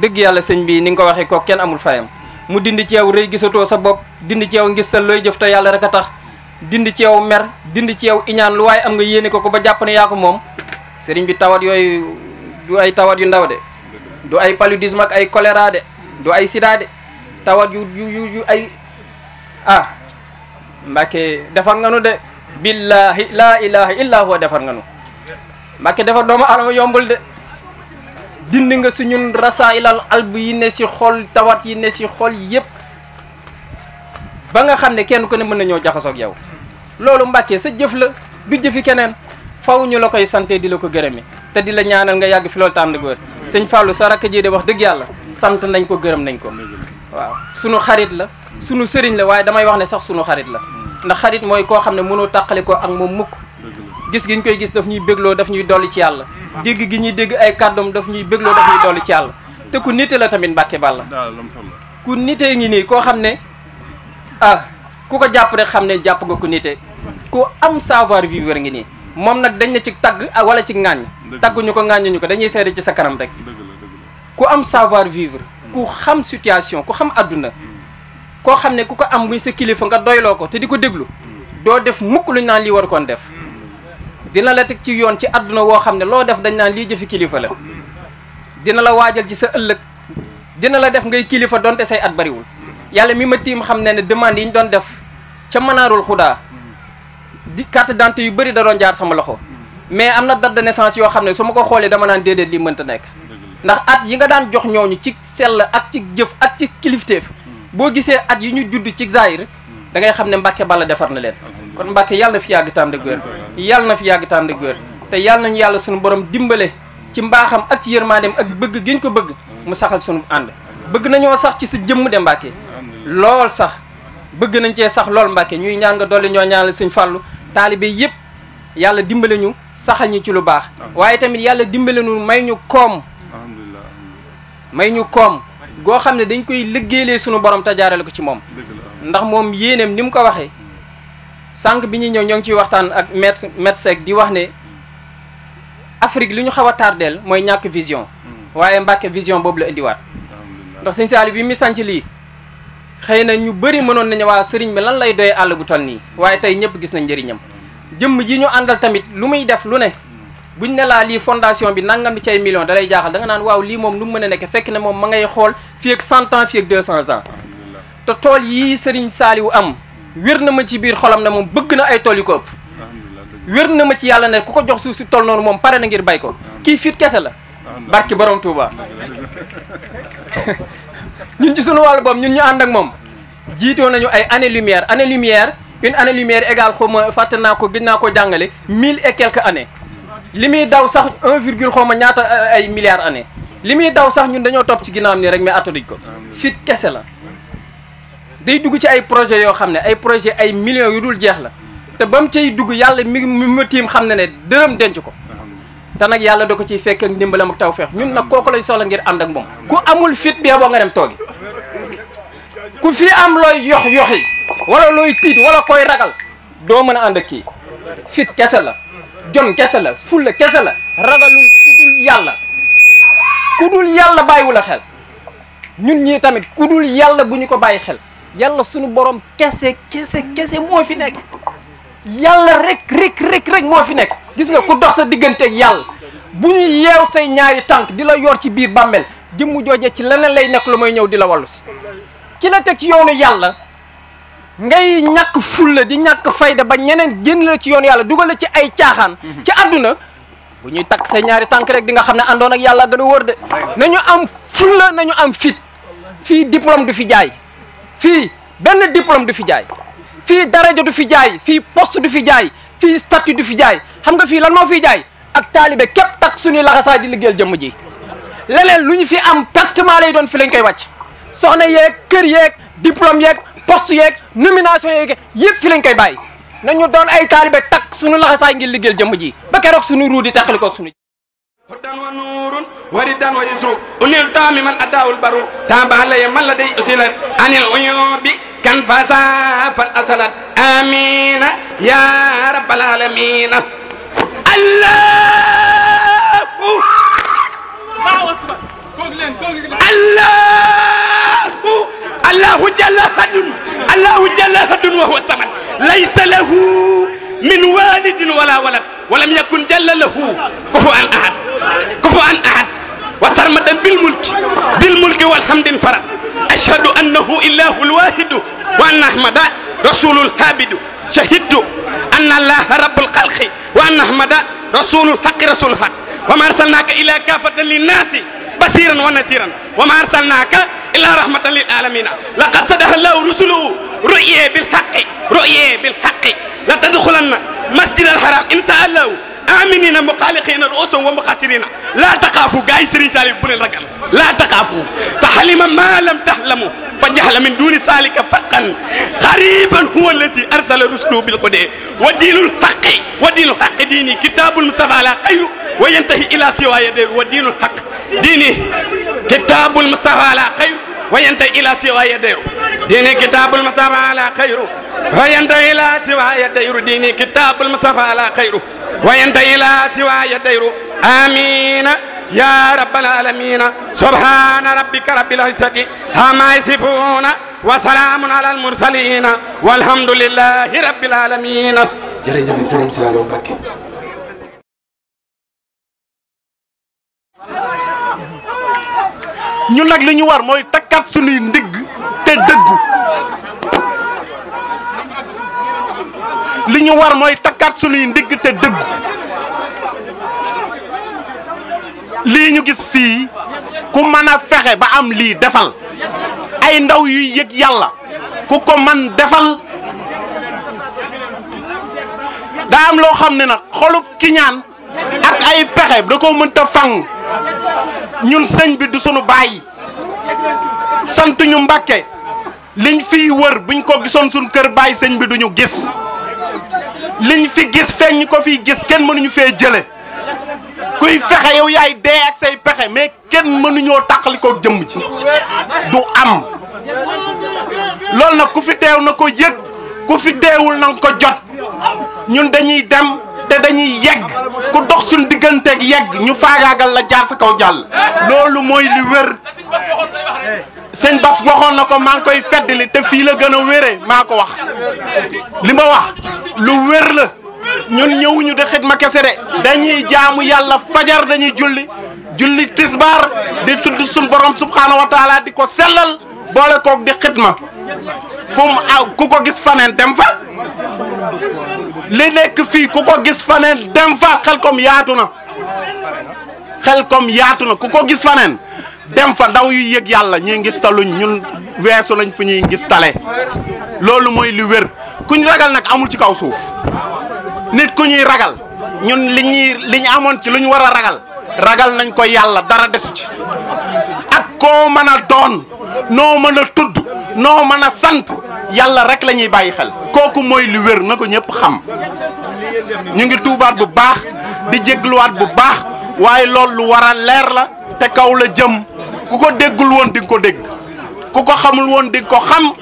dëgg yàlla sëñ bi ni nga ko waxee ko kenn amul fayam mu dindi ci yow rëy gisatoo sa bopp dind ci yow ngistal looy jëf te yàlla rek a tax dind ci yow mer dind ci yaw iñaan lu waaye am nga yéene ko ko ba jàpp yaa ko moom sëriñ du ay tawat yu ndaw de du ay paludisme ak ay choléra de du ay sida de tawat yu yu yu, ay ah mbake defar nga nu de billahi la ilaha illa huwa defar nga nu mbake defar doomu alama yombul de dind nga su ñun rasailal alb yi ne si xol tawat yi ne si xol yep ba nga xamne kenn ko ne meuna ñoo jaxaso ak yow lolu mbake sa jëf la du jëfi keneen faw ñu la koy santé di la ko gërëmi te di la ñaanal nga yàgg fi loolu tànn góor sëñ Fallou sa rakk ji de wax dëgg yàlla sant nañ ko gërëm nañ ko waaw sunu xarit la sunu sëriñ la waaye damay wax ne sax sunu xarit la ndax xarit mooy koo xam ne mënoo tàqale ko ak moom mukk gis gi ñu koy gis daf ñuy bégloo daf ñuy dolli ci yàlla dégg gi ñuy dégg ay kàddoom daf ñuy bégloo daf ñuy dolli ci yàlla te ku nite la tamit Mbàkke Balla ku nitee ngi nii koo xam ne ah ku ko jàpp rek xam ne jàpp nga ku nite ku am savoir vivre ngi nii moom nag dañ na ci tagg wala ci ŋàññ tagguñu ko ŋàññuñu ko dañuy seede ci sa kanam rek ku am savoir vivre mm. ku xam situation ku xam àdduna mm. koo xam ne ku ko am muy sa kilifa nga doyloo ko te di ko déglu mm. doo def mukk luñ naan lii war koon def dina la teg ci yoon ci àdduna woo xam ne loo def dañu naan lii jëfi kilifa la dina la waajal ci sa ëllëg dina la def ngay kilifa donte say at bariwul yàlla mi ma tiim xam ne ne demande yi ñu doon def ca manarul xudaa carte d'identité yu bari da doon jaar sama loxo mais amna date de naissance yo xamne suma ko xolé dama nan dedet li meunta nek ndax at yi nga daan jox ñooñu ci sel ak ci jëf ak ci kilifteef bo gisee at yi ñu judd ci zaire da ngay xamne mbacke Balla defar na len kon mbacke yalla fi yag tam de góor yalla na fi yag tam de te yalla nañu yalla suñu borom dimbalé ci mbaxam ak ci yermandem ak bëgg giñ ko bëgg mu saxal suñu and bëgg nañu sax ci sa jëm de mbacke lol sax bëgg nañ ci sax lol mbacke ñuy ñaan nga ñoo ñaanal taalibe yëpp yàlla dimbale ñu saxal ñu ci lu baax waaye tamit yàlla dimbale ñu may ñu koom alhamdulilah may ñu koom goo xam ne dañ koy liggéeylee suñu borom te jaarale ko ci moom ndax moom yéeneem ni mu ko waxee sànq bi ñuy ñëw ñoo ngi ciy waxtaan ak maître maître Seck di wax ne Afrique li ñu xaw a tardeel mooy ñàkk vision mm. waaye Mbàkke vision boobu la indiwaat ndax sëñ Saali bi mi sanc lii xëy na ñu bëri mënoon nañu waa sëriñ bi lan lay doy àll bu toll nii waaye tey ñëpp gis nañ njëriñam jëmm ji ñu àndal tamit lu muy def lu ne buñ ne laa lii fondation bi nangam bi ci million dalay jaaxal da nga naan waaw lii moom lu mu mën a nekk fekk ne moom ma ngay xool fii ak 100 ans fii ak 200 ans te tool yii sëriñ Saaliwu am wér na ma ci biir xolam ne moom bëgg na ay tool yu ko ëpp wér na ma ci yàlla ne ku ko jox suuf si toll noonu moom pare na ngir bay ko kii fiit kese la barki borom Touba ñun ci suñu wàllu bopp ñun ñu ànd ak moom jiitoo nañu ay année lumière année lumière une année lumière égale xaw ma fàtte naa ko gis naa ko jàngale mille et quelques années li muy daw sax un xaw ma ñaata euh, ay milliards années li muy daw sax ñun dañoo topp ci ginnaawam nii rek mais attanuñ ko fit kese la day dugg ci ay projet yoo xam ne ay projet ay millions yu dul jeex la te ba mu cay dugg yàlla mi mi ma tiim xam ne ne dërëm denc ko te nak yàlla da ko ciy fekk ak dimbalam ak tawfiq ñun nak koku lañ soxla ngir ànd ak mom ku amul fit bi boo nga dem togi ku fi am loy yox yoxi wala loy tit wala koy ragal do mën ànd ak kii fit kessa la jom kessa la fulla kessa la ragalul kudul yàlla kudul yàlla bàyyiwu la xel ñun ñi tamit kudul yàlla buñu ko bàyyi xel yàlla sunu borom kessé kessé kessé mo fi nek yàlla rek rek rek moo fi nekk gis nga ku dox sa digganteeg yàlla bu ñu yeew say ñaari tànk di la yor ci biir bàmmeel jëmm jooje ci leneen lay nekk lu may ñëw di la wallu si ki la teg ci yoonu yàlla ngay ñàkk fulla di ñàkk fayda ba ñeneen jën la ci yoonu yàlla dugal la ci ay caaxaan mhm. ci àdduna bu ñuy takk say ñaari tànk rek di nga xam ne àndoon ak yàlla gën a wër de nañu am fulla nañu am fit fii diplôme du fi jaay fii benn diplôme du fi jaay fii daraja du fi jaay fii post du fi jaay fii statut du fi jaay xam nga fii lan moo fi jaay ak taalibe képp tak suñuy laxasaay di liggéeyal jëmm ji leneen lu ñu fi am pertement lay doon fi lañ koy wàcc soxna yeeg kër yeeg diplôme yeeg poste yeeg nomination yeeg yëpp fi lañ koy bàyyi nañu doon ay taalibe tak suñu laxasaay ngir liggéeyal jëmm ji ba keroog suñu ruu di tàqalikoog suñu هدان ونور وردان ويسر أنيل تامي من أداء البرو تابع لي من لدي أسلت عن العيوب كان فسافا أسلت آمين يا رب العالمين الله الله الله جل هدن الله جل هدن وهو الثمن ليس له من والد ولا ولد ولم يكن جل له كفوا أحد كفوا أحد وسرمدا بالملك بالملك والحمد انفرد أشهد أنه إله الواحد وأن أحمد رسول الهابد شهدت أن الله رب الخلق وأن أحمد رسول الحق رسول الحق وما أرسلناك إلا كافة للناس بصيرا ونذيرا وما أرسلناك إلا رحمة للعالمين لقد صدق الله رسله رؤية بالحق رؤية بالحق لا تدخلن مسجد الحرام إن شاء الله آمنين مقلقين رؤوسهم ومخاسرين لا تخافوا جاي سرين سالي بن الرجل لا تخافوا تحلم ما لم تحلموا فجهل من دون سالك فرقا قريبا هو الذي أرسل رسله بالقدى ودين الحق ودين الحق ديني كتاب المصطفى لا خير وينتهي إلى سوى يده ودين الحق ديني كتاب المصطفى لا خير وينت إلى سوى يدير ديني كتاب المصطفى على خيره وينت إلى سوى يدير ديني كتاب المصطفى على خيره وينت إلى سوى يدير آمين يا رب العالمين سبحان ربك رب العزة عما يصفون وسلام على المرسلين والحمد لله رب العالمين جري جري سلام سلام بكي ñun nag li ñu war mooy takkaat suñuy ndigg te dëggu li ñu war mooy takkaat suñuy ndigg te lii ñu gis fii ku mën a fexe ba am lii defal ay ndaw yuy yëg yàlla ku ko mën defal daa am loo xam ne nag xolub kiñaan ak ay pexe da ko mënta fang ñun sëñ bi du suñu baay sant ñu mbàkke liñ fiy wër buñ ko gisoon suñu kër baay sëñ bi duñu gis ñu fi gis feeñ ko fiy gis kenn mënuñu fee jële kuy fexe yow yaay dee ak say pexe mais kenn mënuñoo tàqali ko jëm ci du am loolu nag ku fi teew na ko yëg ku fi teewul na ko jot ñun dañuy dem te dañuy yegg ku dox suñu digganteeg yegg ñu faagaagal la jaar sa kaw jàll loolu mooy li wér sëñ Bas waxoon na ko maa ngi koy feddali te fii la gën a wéree maa ko wax li ma wax lu wér la ñun ñëwuñu di xidma kese de dañuy jaamu yàlla fajar dañuy julli julli tisbaar di tudd suñ borom subxanahu wa di ko sellal boole koog di xidma fu ah, ku ko gis faneen dem fa. li nekk fii ku ko gis faneen dem fa xel kom yaatu na xel kom yaatu na ku ko gis faneen dem fa ndaw yu yëg yàlla ñii ngis taluñ ñun weesu nañ fu ñuy ngis tale loolu mooy li wér kuñ ragal nag amul ci kaw suuf nit ku ñuy ragal ñun li liñ amoon ci lu war a ragal ragal nañ ko yàlla dara desu ci ak ko mën a doon noo mën a tudd noo mën a sant yàlla rek lañuy bàyyi xel kooku mooy lu wér na ko ñëpp xam ñu ngi tuubaat bu baax di jégluwaat bu baax waaye loolu lu war a leer la te kaw la jëm ku ko déggul woon di ko dégg ku ko xamul woon di ko xam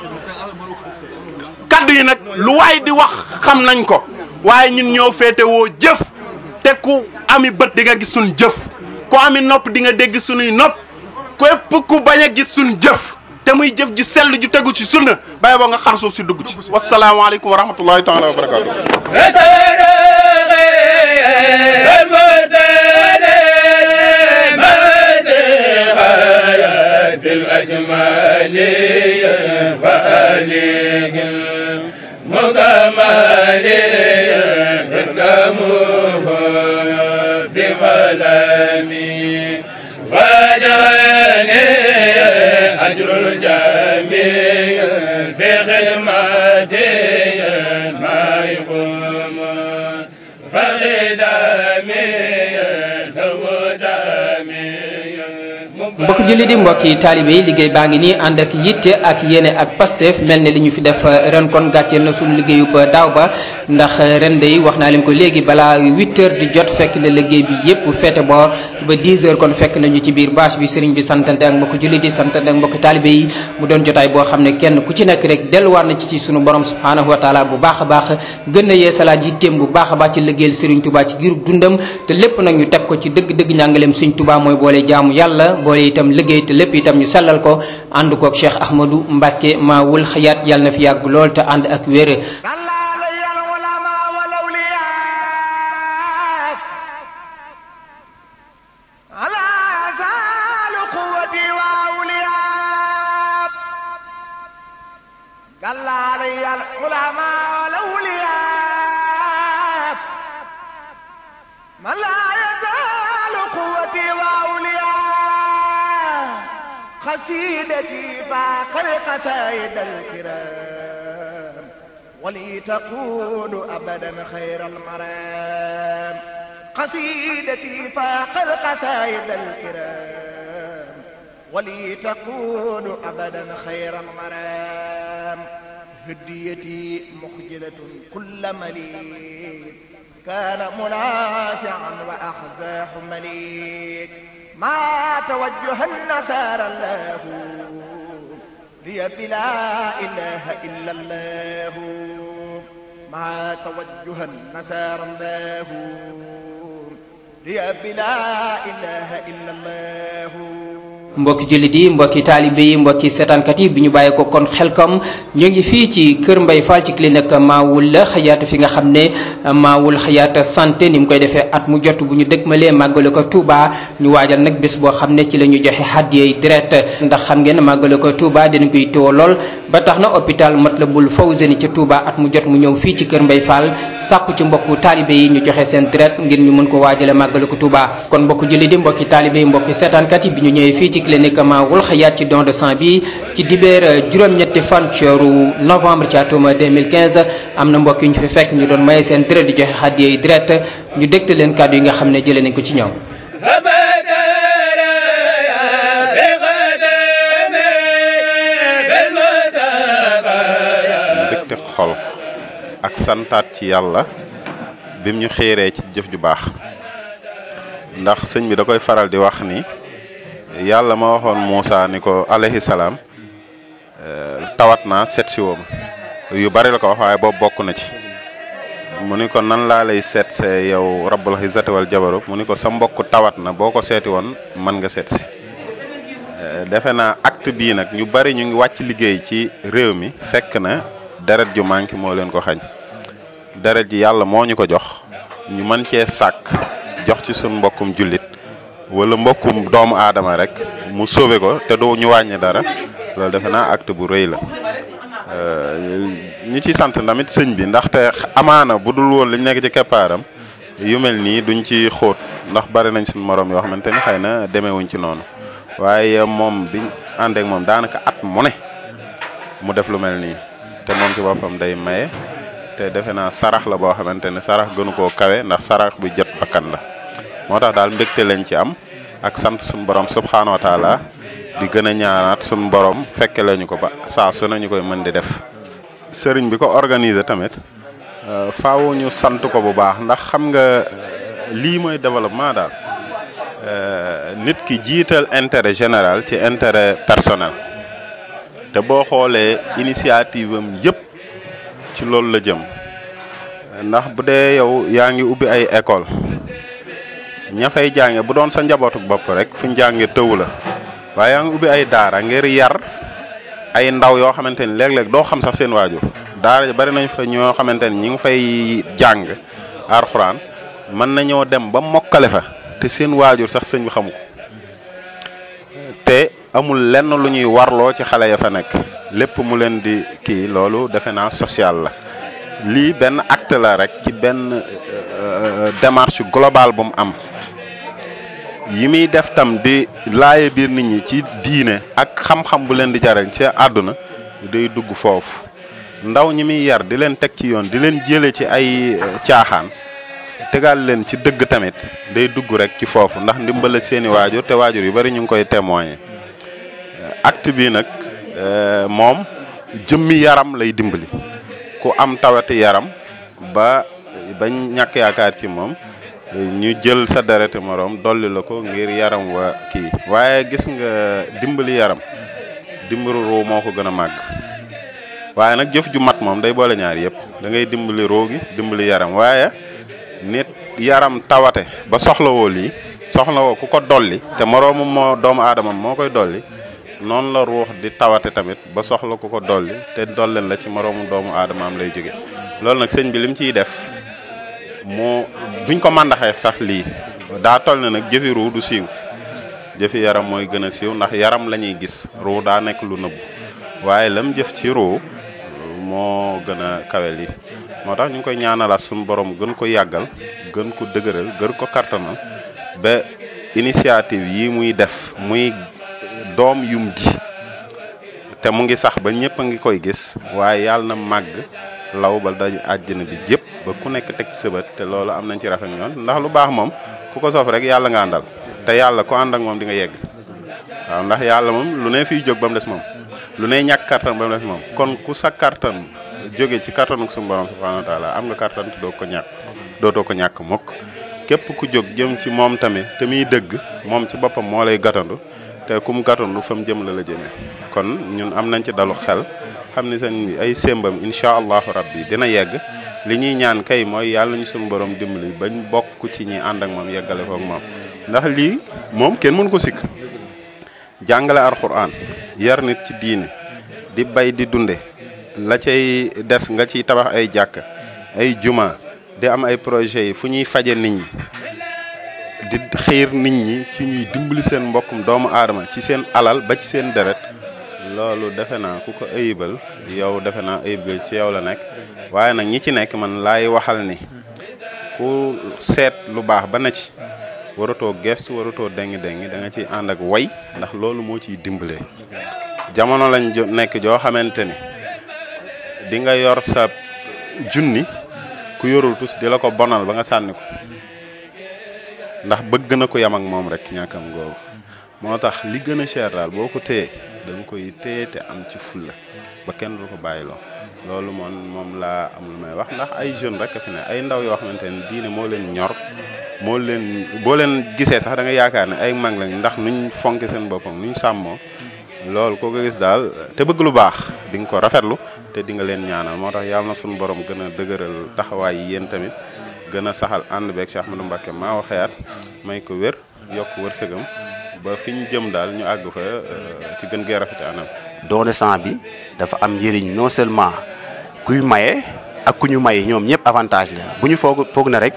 kaddu yi nag lu waay di wax xam nañ ko waaye ñun ñoo féetewoo jëf te ku ami bët di nga gis suñ jëf ku ami nopp di nga dégg suñuy nopp képp ku bañ a gis suñ jëf te muy jëf ju sell ju tegu ci sunna bàyyi boo nga xar suuf si dugg ci wasalaamaaleykum wa rahmatullahi taala wa barakaatu xayrul jami mbokk julli di mbokki taalibe yi liggéey baa ngi nii ànd ak yitte ak yéene ak Pastef mel ne li ñu fi def uh, ren kon gàcceel na suñu liggéeyu liggéeyub uh, daaw ba ndax uh, ren day wax naa leen ko léegi balaa 8 heures di jot fekk na liggéey bi yépp feete boor ba 10 heures kon fekk nañu ci biir bâche bi sëriñ bi santante ak mbokk julli di santante ak mbokki taalibe yi mu doon jotaay boo xam ne kenn ku ci nekk rek delluwaan na ci ci suñu borom subhaanahu wa taala bu baax a baax gën a yeesalaat yitteem bu baax a baax ci liggéeyal sëriñ Tuubaa ci giirub dundam te lépp nag ñu teg ko ci dëgg-dëgg njàngaleem sëriñ Tuubaa mooy boole jaamu yàlla boole itam liggéey te lépp itam ñu sàllal ko ànd kook Cheikh Ahmadou Mbacke Maawul Xayaat yàlla na fi yàgg lool te ànd ak wér الملايدة الكرام ولي تكون أبدا خير المرام هديتي مخجلة كل مليك كان مناسعا وأحزاح مليك ما توجه النسار الله لي بلا إله إلا الله ما توجه النسار الله يا بلا إله إلا الله mbokki jullit yi mbokki taalibe yi mbokki seetaankat yi bi ñu bàyyee ko kon xelkom ñu ngi fii ci kër Mbay Fall ci clinique Maawul Xayaat fi nga xam ne Maawul Xayaat santé ni mu koy defee at mu jot bu ñu dëgmalee màggale ko Touba ñu waajal nag bés boo xam ne ci la ñu joxe hadiyeey direct ndax xam ngeen màggale ko Touba dinañ koy teewoo lool ba tax na hôpital Matlaboul Fawzeyni ci Touba at mu jot mu ñëw fii ci kër Mbay Fall sàkku ci mbokku taalibe yi ñu joxe seen direct ngir ñu mën ko waajale màggale ko Touba kon mbokki jullit yi mbokki taalibe yi mbokki seetaankat yi bi ñu ñëwee fii ci cliniquement wul xayaat ci don de sang bi ci dibeer euh, ñetti novembre ci 2015 amna mbokk ñu fi fekk ñu don maye sen di ñu len yi nga xamne jele nañ ko ci ñom xol ak ci ci jëf ju ndax da koy faral di wax ni. yàlla ma waxoon Moussa ni ko alayhi salaam euh, tawat naa seet si woo yu bari la ko wax waaye boobu bokk na ci mu ni ko nan laa lay seet see yow rabbul izzati wal jabarut mu ni ko sa mbokk tawat na boo ko seeti woon mën nga seet si euh, defe naa acte bii nag ñu bari ñu ngi wàcc liggéey ci réew mi fekk na deret ju manqué moo leen ko xañ deret ji yàlla moo ñu ko jox ñu mën cee sàkk jox ci suñ mbokkum jullit wala mbokkum doomu aadama rek mu sauvé ko te du ñu wàññi dara loolu defe naa acte bu rëy la euh, ñu ci sant tamit sëñ bi ndaxte amaana bu dul woon li ñu nekk ci keppaaram yu mel nii duñ ci xóot ndax bari nañ suñ morom yoo xamante ni xëy na demeewuñ ci noonu waaye moom biñ ànd moom daanaka at mu ne mu def lu mel nii te moom ci boppam day maye te defe naa sarax la boo xamante ne sarax gënu koo kawe ndax sarax bi jot bakkan la moo tax daal mbégte lañ ci am ak sant suñu borom subxanahu wa taala di gën a ñaanaat suñu borom fekke lañu ko ba saa su nañu koy mën di def. sëriñ bi ko organiser tamit euh, faaw ñu sant ko bu baax ndax xam nga euh, lii mooy développement daal euh, nit ki jiital intérêt général ci intérêt personnel te boo xoolee initiative am yëpp ci loolu la jëm ndax bu dee yow yaa ngi ubbi ay école ña fay jànge bu doon sa njabootu bopp rek fu jàngé tëw la waaye nga ubbi ay daara ngir yar ay ndaw yoo xamante ni léeg-léeg doo xam sax seen waajur daara bari nañ fa ñoo xamante ni ñi ngi fay jàng alxuraan mën nañoo dem ba mokkale fa te seen waajur sax sëñ bi xamu ko te amul lenn lu ñuy warloo ci xale ya fa nekk lépp mu leen di kii loolu defena social la lii benn acte la rek ci benn euh, euh, démarche globale bu mu am yi muy def tam di laaye biir nit ñi ci diine ak xam-xam bu leen di jariñ ci àdduna day dugg foofu ndaw ñi muy yar di leen teg ci yoon di leen jële ci ay eh, caaxaan tegal leen ci dëgg tamit day dugg rek ci foofu ndax ndimbal seeni waajur te waajur yu bari ñu ngi koy témoigner eh, act bi nag eh, moom jëmmi yaram lay dimbali ku am tawati yaram ba bañ ñàkk yaakaar ci moom ñu jël sa deret moroom dolli la ko ngir yaram wa kii waaye gis nga dimbali yaram dimbali roo moo ko gën a màgg waaye nag jëf ju mat moom day boole ñaar yëpp da ngay dimbali roo gi dimbali yaram waaye nit yaram tawate ba soxlawoo lii soxlawoo ku ko dolli te moroomu moo doomu aadamam moo koy dolli noonu la ruux di tawate tamit ba soxla ku ko dolli te dolleen la ci moroomu doomu aadamaam lay jóge loolu nag sëñ bi lim ciy def moo duñ ko màndaxee sax lii daa toll nag jëfi ruu du siiw jëfi yaram mooy gën a siiw ndax yaram lañuy gis ruu daa nekk lu nëbb waaye lam jëf ci ruu moo gën a kawe lii moo tax ñu ngi koy ñaanalaat suñu borom gën ko yàggal gën ko dëgëral gën ko kartanal ba initiative yi muy def muy doom yum ji te mu ngi sax ba ñëpp a ngi koy gis waaye yàlla na màgg law ba daj aljina bi jep ba ku nek tek ci sebet te lolu am nañ ci rafet ñoon ndax lu baax mom ku ko sof rek yalla nga andal te yalla ko and ak mom di nga yegg waaw ndax yalla mom lu ne fi jog bam dess mom lu ne ñak carton bam dess mom kon ku sa carton joge ci ak sun borom subhanahu wa taala am nga carton do doo ko ñàkk dootoo ko ñak mok kep ku jog jëm ci mom tamé te muy dëgg moom ci bopam mo lay gatandu te kum gatandu fam jëm la la jëme kon ñun am nañ ci dalu xel xam ne seen ay sémbam incha allah rabbi dina yegg li ñuy ñaan kay mooy yàlla ñu suñu borom dimbali bañ bokk ci ñi ànd ak moom yeggale foog moom ndax lii moom kenn mënu ko sikk jàngale alquran yar nit ci diine di bay di dunde la cay des nga ciy tabax ay jàkk ay juma di am ay projet yi fu ñuy faje nit ñi di xiir nit ñi ci ñuy dimbali seen doomu ci seen alal ba ci seen deret lolu defena kuko ku yow defena naa ci yow la nek waye nak ñi ci nek man lay waxal ni ku set lu bax ba na ci waruto gestu waruto deng-deng da nga ci and ak way ndax lolu mo ci dimbalee jamono lañ nek jo xamanteni di nga yor sa junni ku yorul tous di la ko bonal ba nga sànni ko ndax bëgg na ko yam ak mom rek ñakam googu li gëna cher dal boko téé da koy téye am ci fulla ba kenn du ko bàyyiloo loolu moom moom laa am lu may wax ndax ay jeune rek fi ne ay ndaw yoo xamante ne diine moo leen ñor moo leen boo leen gisee sax danga yaakaar ne ay mag lañ ndax nuñ fonke seen boppam nuñ sàmmoo loolu ko ko gis daal te bëgg lu baax di nga ko rafetlu te di nga leen ñaanal moo tax yàlla na suñu borom gën a dëgëral taxawaay yi yéen tamit gën a saxal ànd beeg Cheikh Ahmadou Mbacké maa waxeyaat may ko wér yokk wërsëgam ba fi ñu jëm daal ñu àgg fa euh, ci gën gee rafet anam. don de bi dafa am njëriñ non seulement kuy maye ak ku ñu may ñoom ñëpp avantage la bu ñu foog foog na rek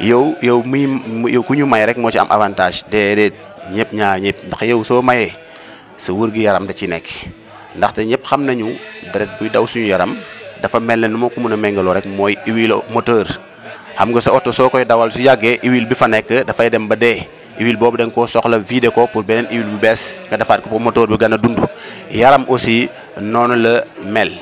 yow yow muy yow ku ñu may rek moo ci am avantage déedéet ñëpp ñaar ñëpp soo mayee sa wër yaram da ci nekk ndaxte ñëpp xam nañu deret buy daw suñu yaram dafa mel ne nu ma ko mën a méngaloo rek mooy huile moteur xam nga sa oto soo koy dawal su yàggee huile bi fa nekk dafay dem ba dee. il boobu da une soxla ko pour benen huile bu bess nga defaat ko pour moteur bu y a yaram aussi non la mel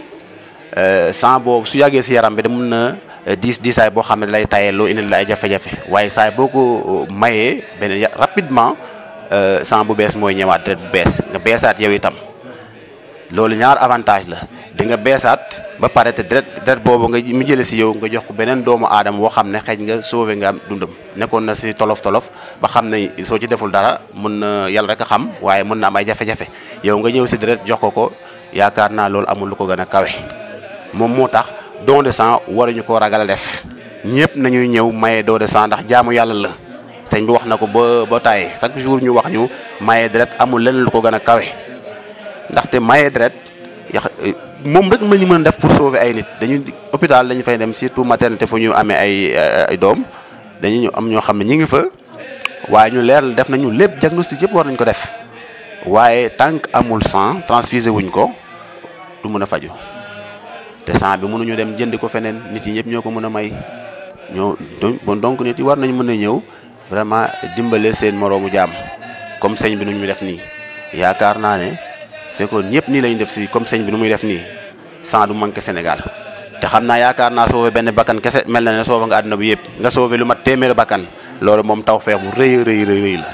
euh, sans su ci yaram bi na euh, xam lay jafé Ils euh, rapidement bu bess moy ñëwaat bess nga Ils yow avantage ba pare te deret deret boobu nga mu jëlee si yow nga jox ko beneen doomu aadama boo xam ne xëy nga sauvé nga am dundam nekkoon na si tolof tolof ba xam ne soo ci deful dara mun na yàlla rek a xam waaye mun na am ay jafe-jafe yow nga ñëw si deret jox ko ko yaakaar naa loolu amul lu ko gën a kawe moom moo tax don de sang waruñu ko ragal a def ñëpp nañuy ñëw maye don de ndax jaamu yàlla la sëñ wax na ko ba ba tàyyi chaque jour ñu wax ñu maye deret amul lenn lu ko gën a kawe ndaxte maye deret yax moom rek nañu mën a def pour sauver ay nit dañu hôpital dañu fay dem surtout maternité fu ñu amee ay ay doom dañu am ñoo xam ne ñi ngi fa waaye ñu leer def nañu lépp diagnostic yëpp war nañ ko def waaye tant amul sang transfusé wuñ ko du mën a faju te sang bi mënuñu dem jëndi ko feneen nit yi ñëpp ñoo ko mën a may ñoo bon donc nit yi war nañ mën a ñëw vraiment dimbale seen moroomu jaam comme sëñ bi nu ñu def nii yaakaar naa ne. fekkoon ñëpp nii lañu def si comme sëñ bi nu muy def nii sans du manqué Sénégal te xam naa yaakaar naa sauvé benn bakkan kese mel na ne sauvé nga àdduna bi yëpp nga sauvé lu mat téeméeri bakkan loolu moom taw feex bu rëy rëy rëy la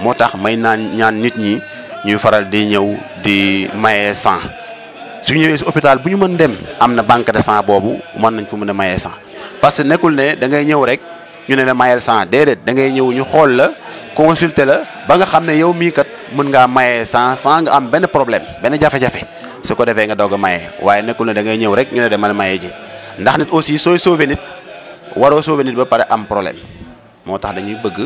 moo tax may naan ñaan nit ñi ñuy faral di ñëw di maye sang su ñëwee si hôpital bu ñu mën dem am na banque de sang boobu mën nañ ko mun a maye sang parce que nekkul ne da ñëw rek. ñu ne la mayel sang déedéet da ngay ñëw ñu xool la consulter la ba nga xam ne yow mii kat mën ngaa maye sang sang nga am benn problème benn jafe-jafe su ko defee nga dog a maye waaye nekkul ne da ngay ñëw rek ñu ne demal maye ji ndax nit aussi sooy sauver waroo sauver ba pare am problème moo tax dañuy bëgg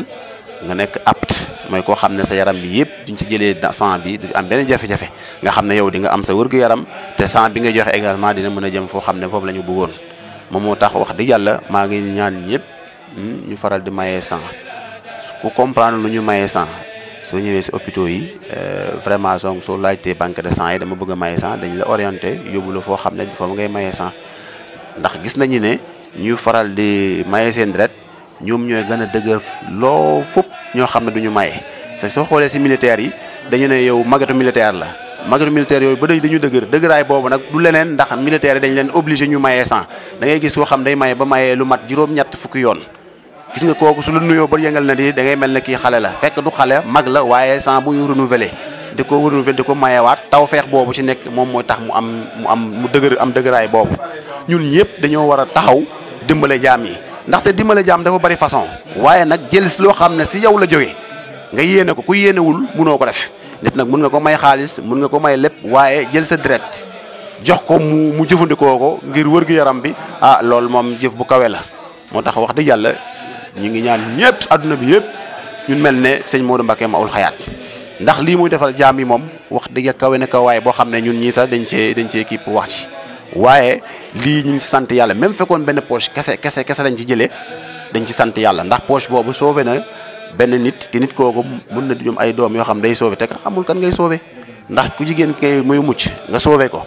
nga nekk apte mooy koo xam ne sa yaram bi yëpp duñ ci jëlee sang bi du am benn jafe-jafe nga xam ne yow di nga am sa wërgu yaram te sang bi nga joxe également dina mën a jëm foo xam ne foofu la ñu bëggoon moom moo tax wax di yàlla maa ngi ñaan ñëpp. Hmm, ñu faral di maye sang ku comprendre lu ñu maye sang soo ñëwee si hôpitaux yi euh, vraiment soo soo laajtee banque de sang yi dama bëgg a maye sang dañ la orienté yóbbu la foo xam ne foofu ngay maye sang ndax gis nañu ne ñuy faral di maye seen deret ñoom ñooy gën a dëgër loo fop ñoo xam ne duñu ñu maye te soo xoolee si militaires yi dañu ne yow magatu militaire la magatu militaire yooyu ba dañu dëgër dëgëraay boobu nag du leneen ndax militaire yi dañ leen obligé ñu maye sang da ngay gis koo xam day maye ba maye lu mat juróom-ñett fukki yoon gis nga kooku su la nuyoo ba yëngal na di dangay mel ne kii xale la fekk du xale mag la waaye sans bu ñu renouveler di ko renouveler di ko mayewaat taw feex boobu ci nekk moom mooy tax mu am mu am mu dëgër am dëgëraay boobu ñun ñëpp dañoo war a taxaw dimbale jaam yi ndaxte dimbale jaam dafa bari façon waaye nag jël loo xam ne si yow la jógee nga yéene ko ku yéenewul munoo ko def nit nag mun nga ko may xaalis mun nga ko may lépp waaye jël sa deret jox ko mu mu jëfandikoo ko ngir wër-gu-yaram bi ah loolu moom jëf bu kawe la moo tax wax dëgg ñu ngi ñaan ñëpp adduna bi yëpp ñun mel ne sëñ Modou Mbacké Maoul Hayaat ndax lii muy defal jaam yi moom wax dëgg kawe na kawaay boo xam ne ñun ñii sax dañ see dañ cee képp wax ci waaye lii ñu ci sant yàlla même fekkoon benn poche kese kese kese dañ ci jëlee dañ ci sant yàlla ndax poche boobu sauvé na benn nit te nit kooku mën na di ñoom ay doom yoo xam day sauvé te xamul kan ngay sauvé ndax ku jigéen kay muy mucc nga sauvé ko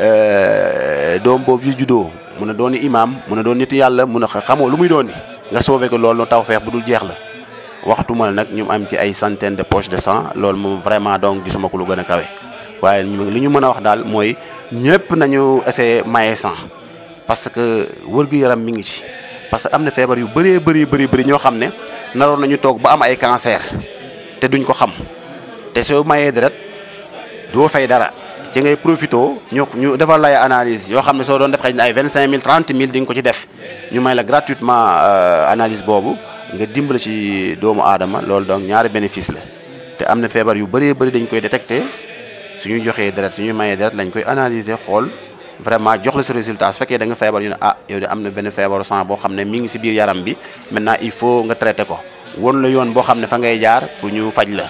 euh, doom boobu yu juddoo mun a doon imaam mun a doon nit yàlla mun a xamoo lu muy doon ni nga sauvé ko loolu tawfeex bu dul jeex la waxtuma la nag ñu am ci ay centaine de poches de sang loolu moom vraiment donc gisuma ko lu gëna kawé waye waaye li ñu mën wax dal moy ñepp nañu essayer maye sang parce que wër-gu-yaram mi ngi ci parce que amna fièvre yu bëree bëri bëri bëri ño xamné naroon nañu tok ba am ay cancer té duñ ko xam te soo mayee deret do fay dara ci ngay profito ñu ñu defal lay analyse yo xamne so doon def xajna ay 25000 30000 ding ko ci def ñu may la gratuitement analyse bobu nga dimbal ci doomu adama lool donc ñaari bénéfice la te amna fièvre yu bëree bëri dañ koy détecter suñu joxé deret suñu mayé deret lañ koy analyser xol vraiment jox la sa résultat su fekkee da nga fièvre ñu ah yow di amna ben fièvre feebaru sang boo xam mi ngi ci biir yaram bi maintenant il faut nga traiter ko won la yoon bo xamné fa ngay jaar pour ñu faj la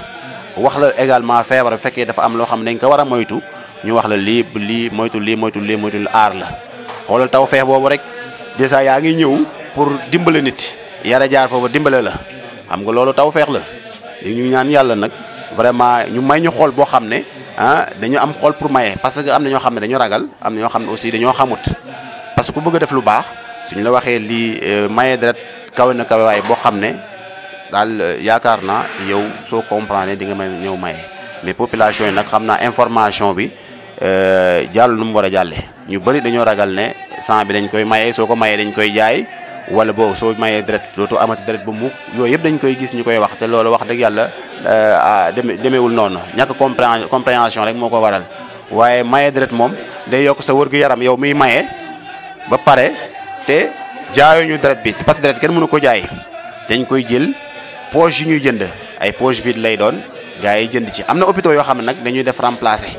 wax la également fièvre bu dafa am lo xamné nga wara moytu ñu wax la lii lii moytu lii moytu lii moytu aar la xoolal taw feex boobu rek dèjà yaa ngi ñëw pour dimbale nit yara jaar foofu dimbale la xam nga loolu taw feex la li ñu ñaan yàlla nag vraiment ñu may ñu xool boo xam ne ah dañu am xool pour maye parce que am na ñoo xam ne dañu ragal am na ñoo xam ne aussi dañoo xamut parce que ku bëgg a def lu baax suñu la waxee lii euh, maye deret kawe na kawe boo xam ne daal euh, yaakaar naa yow soo comprendre di nga mën ñëw maye mais yi nag xam naa information bi Euh, jàll nu mu war a jàlle ñu bari dañoo ragal ne sang bi dañ koy maye soo ko mayee dañ koy jaay wala boobu soo mayee deret dootoo amati deret ba mukk yooyu yëpp dañ koy gis ñu koy wax te loolu wax dëgg yàlla euh, ah, deme demeewul noonu ñàkk compréhension rek moo ko waral waaye maye deret moom day yokk sa wërgu yaram yow miy maye ba pare te jaayoo ñu deret bi parce que deret kenn mënu ko jaay dañ koy jël poche yi ñuy jënd ay poche vide lay doon gaa yi jënd ci am na hôpitaux yoo xam ne nag dañuy def remplacer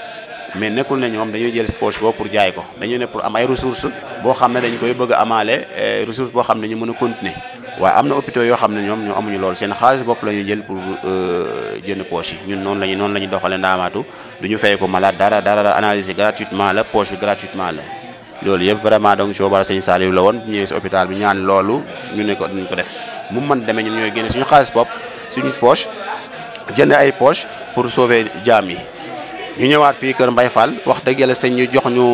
mais nekul ne ñoom dañuy jël poche bo pour jaay ko dañu ne pour am ay ressources bo xam dañ koy bëgg amalé eh, ressources bo boo ñu mëna continuer waaye am na hôpitaux yoo xam ne ñoom ñu amuñu loolu seen xaalis bopp la ñu jël pour euh, jënd poche yi ñun noonu la ñu noonu la ñu doxalee ndaamaatu du ñu fay ko malade dara dara analyse gratuitement la poche bi gratuitement la loolu yëpp vraiment donc coobara sëñ Saliou la woon ñëwee si hôpital bi ñaan loolu ñu ne ko duñ ko def mu mën demee ñun ñooy génne suñu xaalis bopp suñu poche jënd ay poche pour sauver jaam yi ñu ñëwaat fii kër mbay Fall wax dëgg yàlla sëñ ñu jox ñu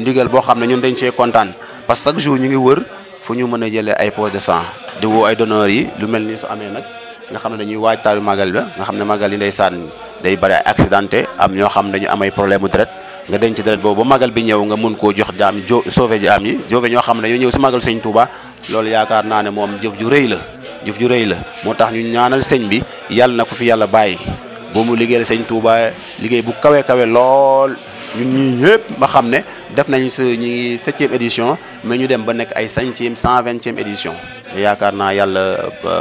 ndigal boo xam ne ñun dañ cee kontaan parce que chaque jour ñu ngi wër fu ñu mën a jëlee ay poche de sang di woo ay donneurs yi lu mel ni su amee nag nga xam ne dañuy waaj taalu magal ba nga xam ne magal yi ndeysaan day bari ay accidenté am ñoo xam dañu am ay problème mu deret nga denc deret boobu ba magal bi ñëw nga mun koo jox jaam jo sauver jaam yi sauver ñoo xam ne ñoo ñëw si magal sëñ Touba loolu yaakaar naa ne moom jëf ju rëy la jëf ju rëy la moo tax ñu ñaanal sëñ bi yàlla na ko fi bàyyi boo mu liggéeyal sëñ Touba liggéey bu kawe kawe lool ñun ñii ñëpp ma xam ne def nañ su ñu ngi septième édition mais ñu dem ba nekk ay cinquième cent vingtième édition yaakaar naa yàlla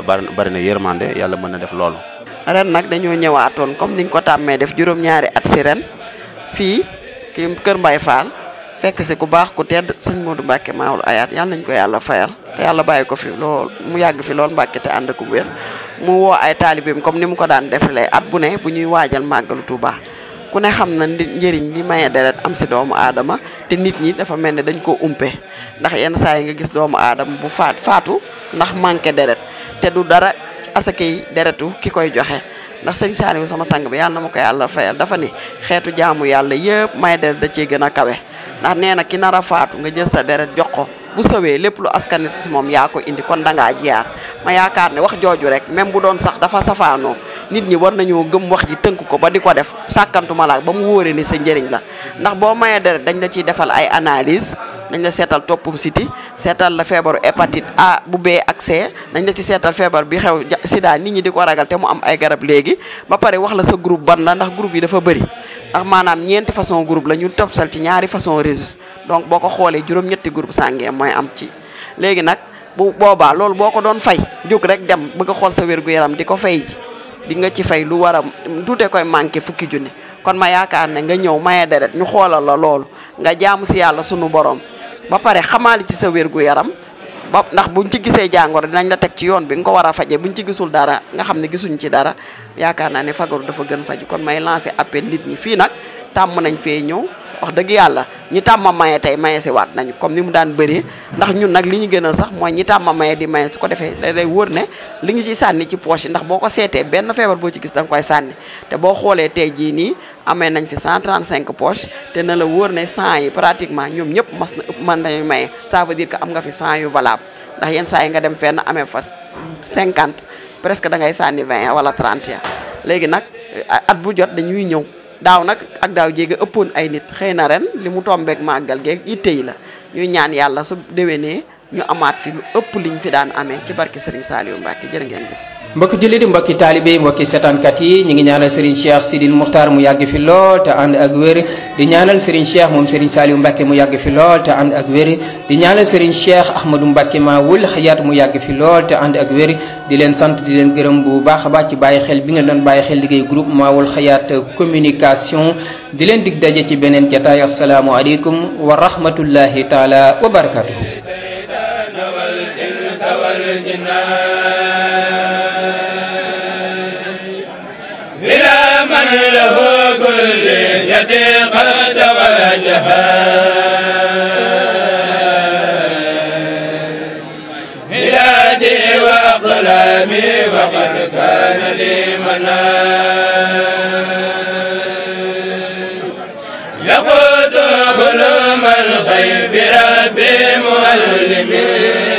bari na yërmande yàlla mën na def loolu. ren nag dañoo ñëwaatoon comme niñ ko tàmmee def juróom-ñaari at si ren fii kii Kër Mbaye Fall. fekk ci ku baax ku tedd sëñ Modou Mbacke Maoul ayat yàlla nañ ko yalla fayal te yàlla ko fi lool mu yàgg fi lool Mbacke te and ko wér mu wo ay talibim comme ni ko daan defale at bu ne bu ñuy waajal magalu Touba ku ne xam na njëriñ li maye deret am ci doomu aadama te nit ñi dafa melni dañ ko umpe ndax yenn saay nga gis doomu aadama bu faat faatu ndax manke deret te du dara asaka yi deretu ki joxe ndax sëñ Saaliw sama sang bi yàlla na ma ko yàlla fayal dafa ne xeetu jaamu yàlla yëpp may deret da cee gën a kawe ndax nee na ki nar a faatu nga jël sa deret jox ko bu sawee lépp lu askan ci moom yaa ko indi kon da ngaa jaar ma yaakaar ne wax jooju rek même bu doon sax dafa safaanoo nit ñi war nañoo gëm wax ji tënk ko ba di def sakantu malak ba mu wóoree ni sa njëriñ la ndax boo mayee dañ la defal ay analyse dañ la seetal toppum siti seetal la feebaru hépatite A bu B ak C dañ la ci seetal feebar bi xew sida nit ñi di ragal te mu am ay garab léegi ba pare wax la sa groupe ban la ndax groupe dafa bëri ndax maanaam ñeenti façon groupe la ñu topsal ci ñaari façon registre donc boo ko xoolee juróom-ñetti groupe sanguin mooy am ci léegi nag bu boobaa loolu boo ko doon fay jóg rek dem bëgg a xool sa wér-gu-yaram di ko fay ji di nga ci fay lu war a tuute koy manqué fukki junni kon ma yaakaar ne nga ñëw maye deret ñu xoolal la loolu nga jaamu si yàlla sunu borom ba pare xamaali ci sa wér-gu-yaram ba ndax buñ ci gisee jàngoro dinañ la teg ci yoon bi nga ko war a faje buñ ci gisul dara nga xam ne gisuñ ci dara yaakaar naa ne fagaru dafa gën faju kon may lancé appel nit ñi fii nag tam nañ fe ñëw wax deug yalla ñi tàmm maye tay maye ci wat nañ comme ni mu daan bëree ndax ñun nak liñu gëna sax moy ñi tàmm maye di maye su ko defé day day wër né liñu ci sanni ci poche ndax boko sété ben fièvre bo ci gis dang koy sanni té bo xolé tay ji ni amé nañ fi 135 poche té na la wër né 100 yi pratiquement ñom ñëpp mas na ëpp man dañuy maye ça veut dire que am nga fi 100 yu valable ndax yeen saa yi nga dem fenn amé fa 50 presque da ngay sanni 20 ya wala 30 ya légui nak eh, at bu jot dañuy ñëw daaw nag ak daaw jéega ëppoon ay nit xëy na ren li mu tombeek màggal geeg yitte yi la ñuy ñaan yàlla su dewee nee ñu amaat fi lu ëpp liñ fi daan amee ci barke Serigne Saliou Mbacke jërë ngeen jëf mbokki jullit mbokki taalibe mbokki seetaankat yi ñu ngi ñaanal Serigne Cheikh Sidil Muxtaar mu yàgg fi lool te ànd ak wér di ñaanal Serigne Cheikh moom Serigne Saliou Mbacke mu yàgg fi lool te ànd ak wér di ñaanal Serigne Cheikh Ahmadou Mbacke Maawul Xayaat mu yàgg fi lool te ànd ak wér di leen sant di leen gërëm bu baax a baax ci bàyyi xel bi nga doon bàyyi xel liggéey groupe Maawul Xayaat communication di leen dig daje ci beneen jataay asalaamualeykum wa rahmatullahi taala wa barakatuhu قد وجها هلادي وأقلامي وقد كان لي منام يقود علوم الغيب ربي معلمي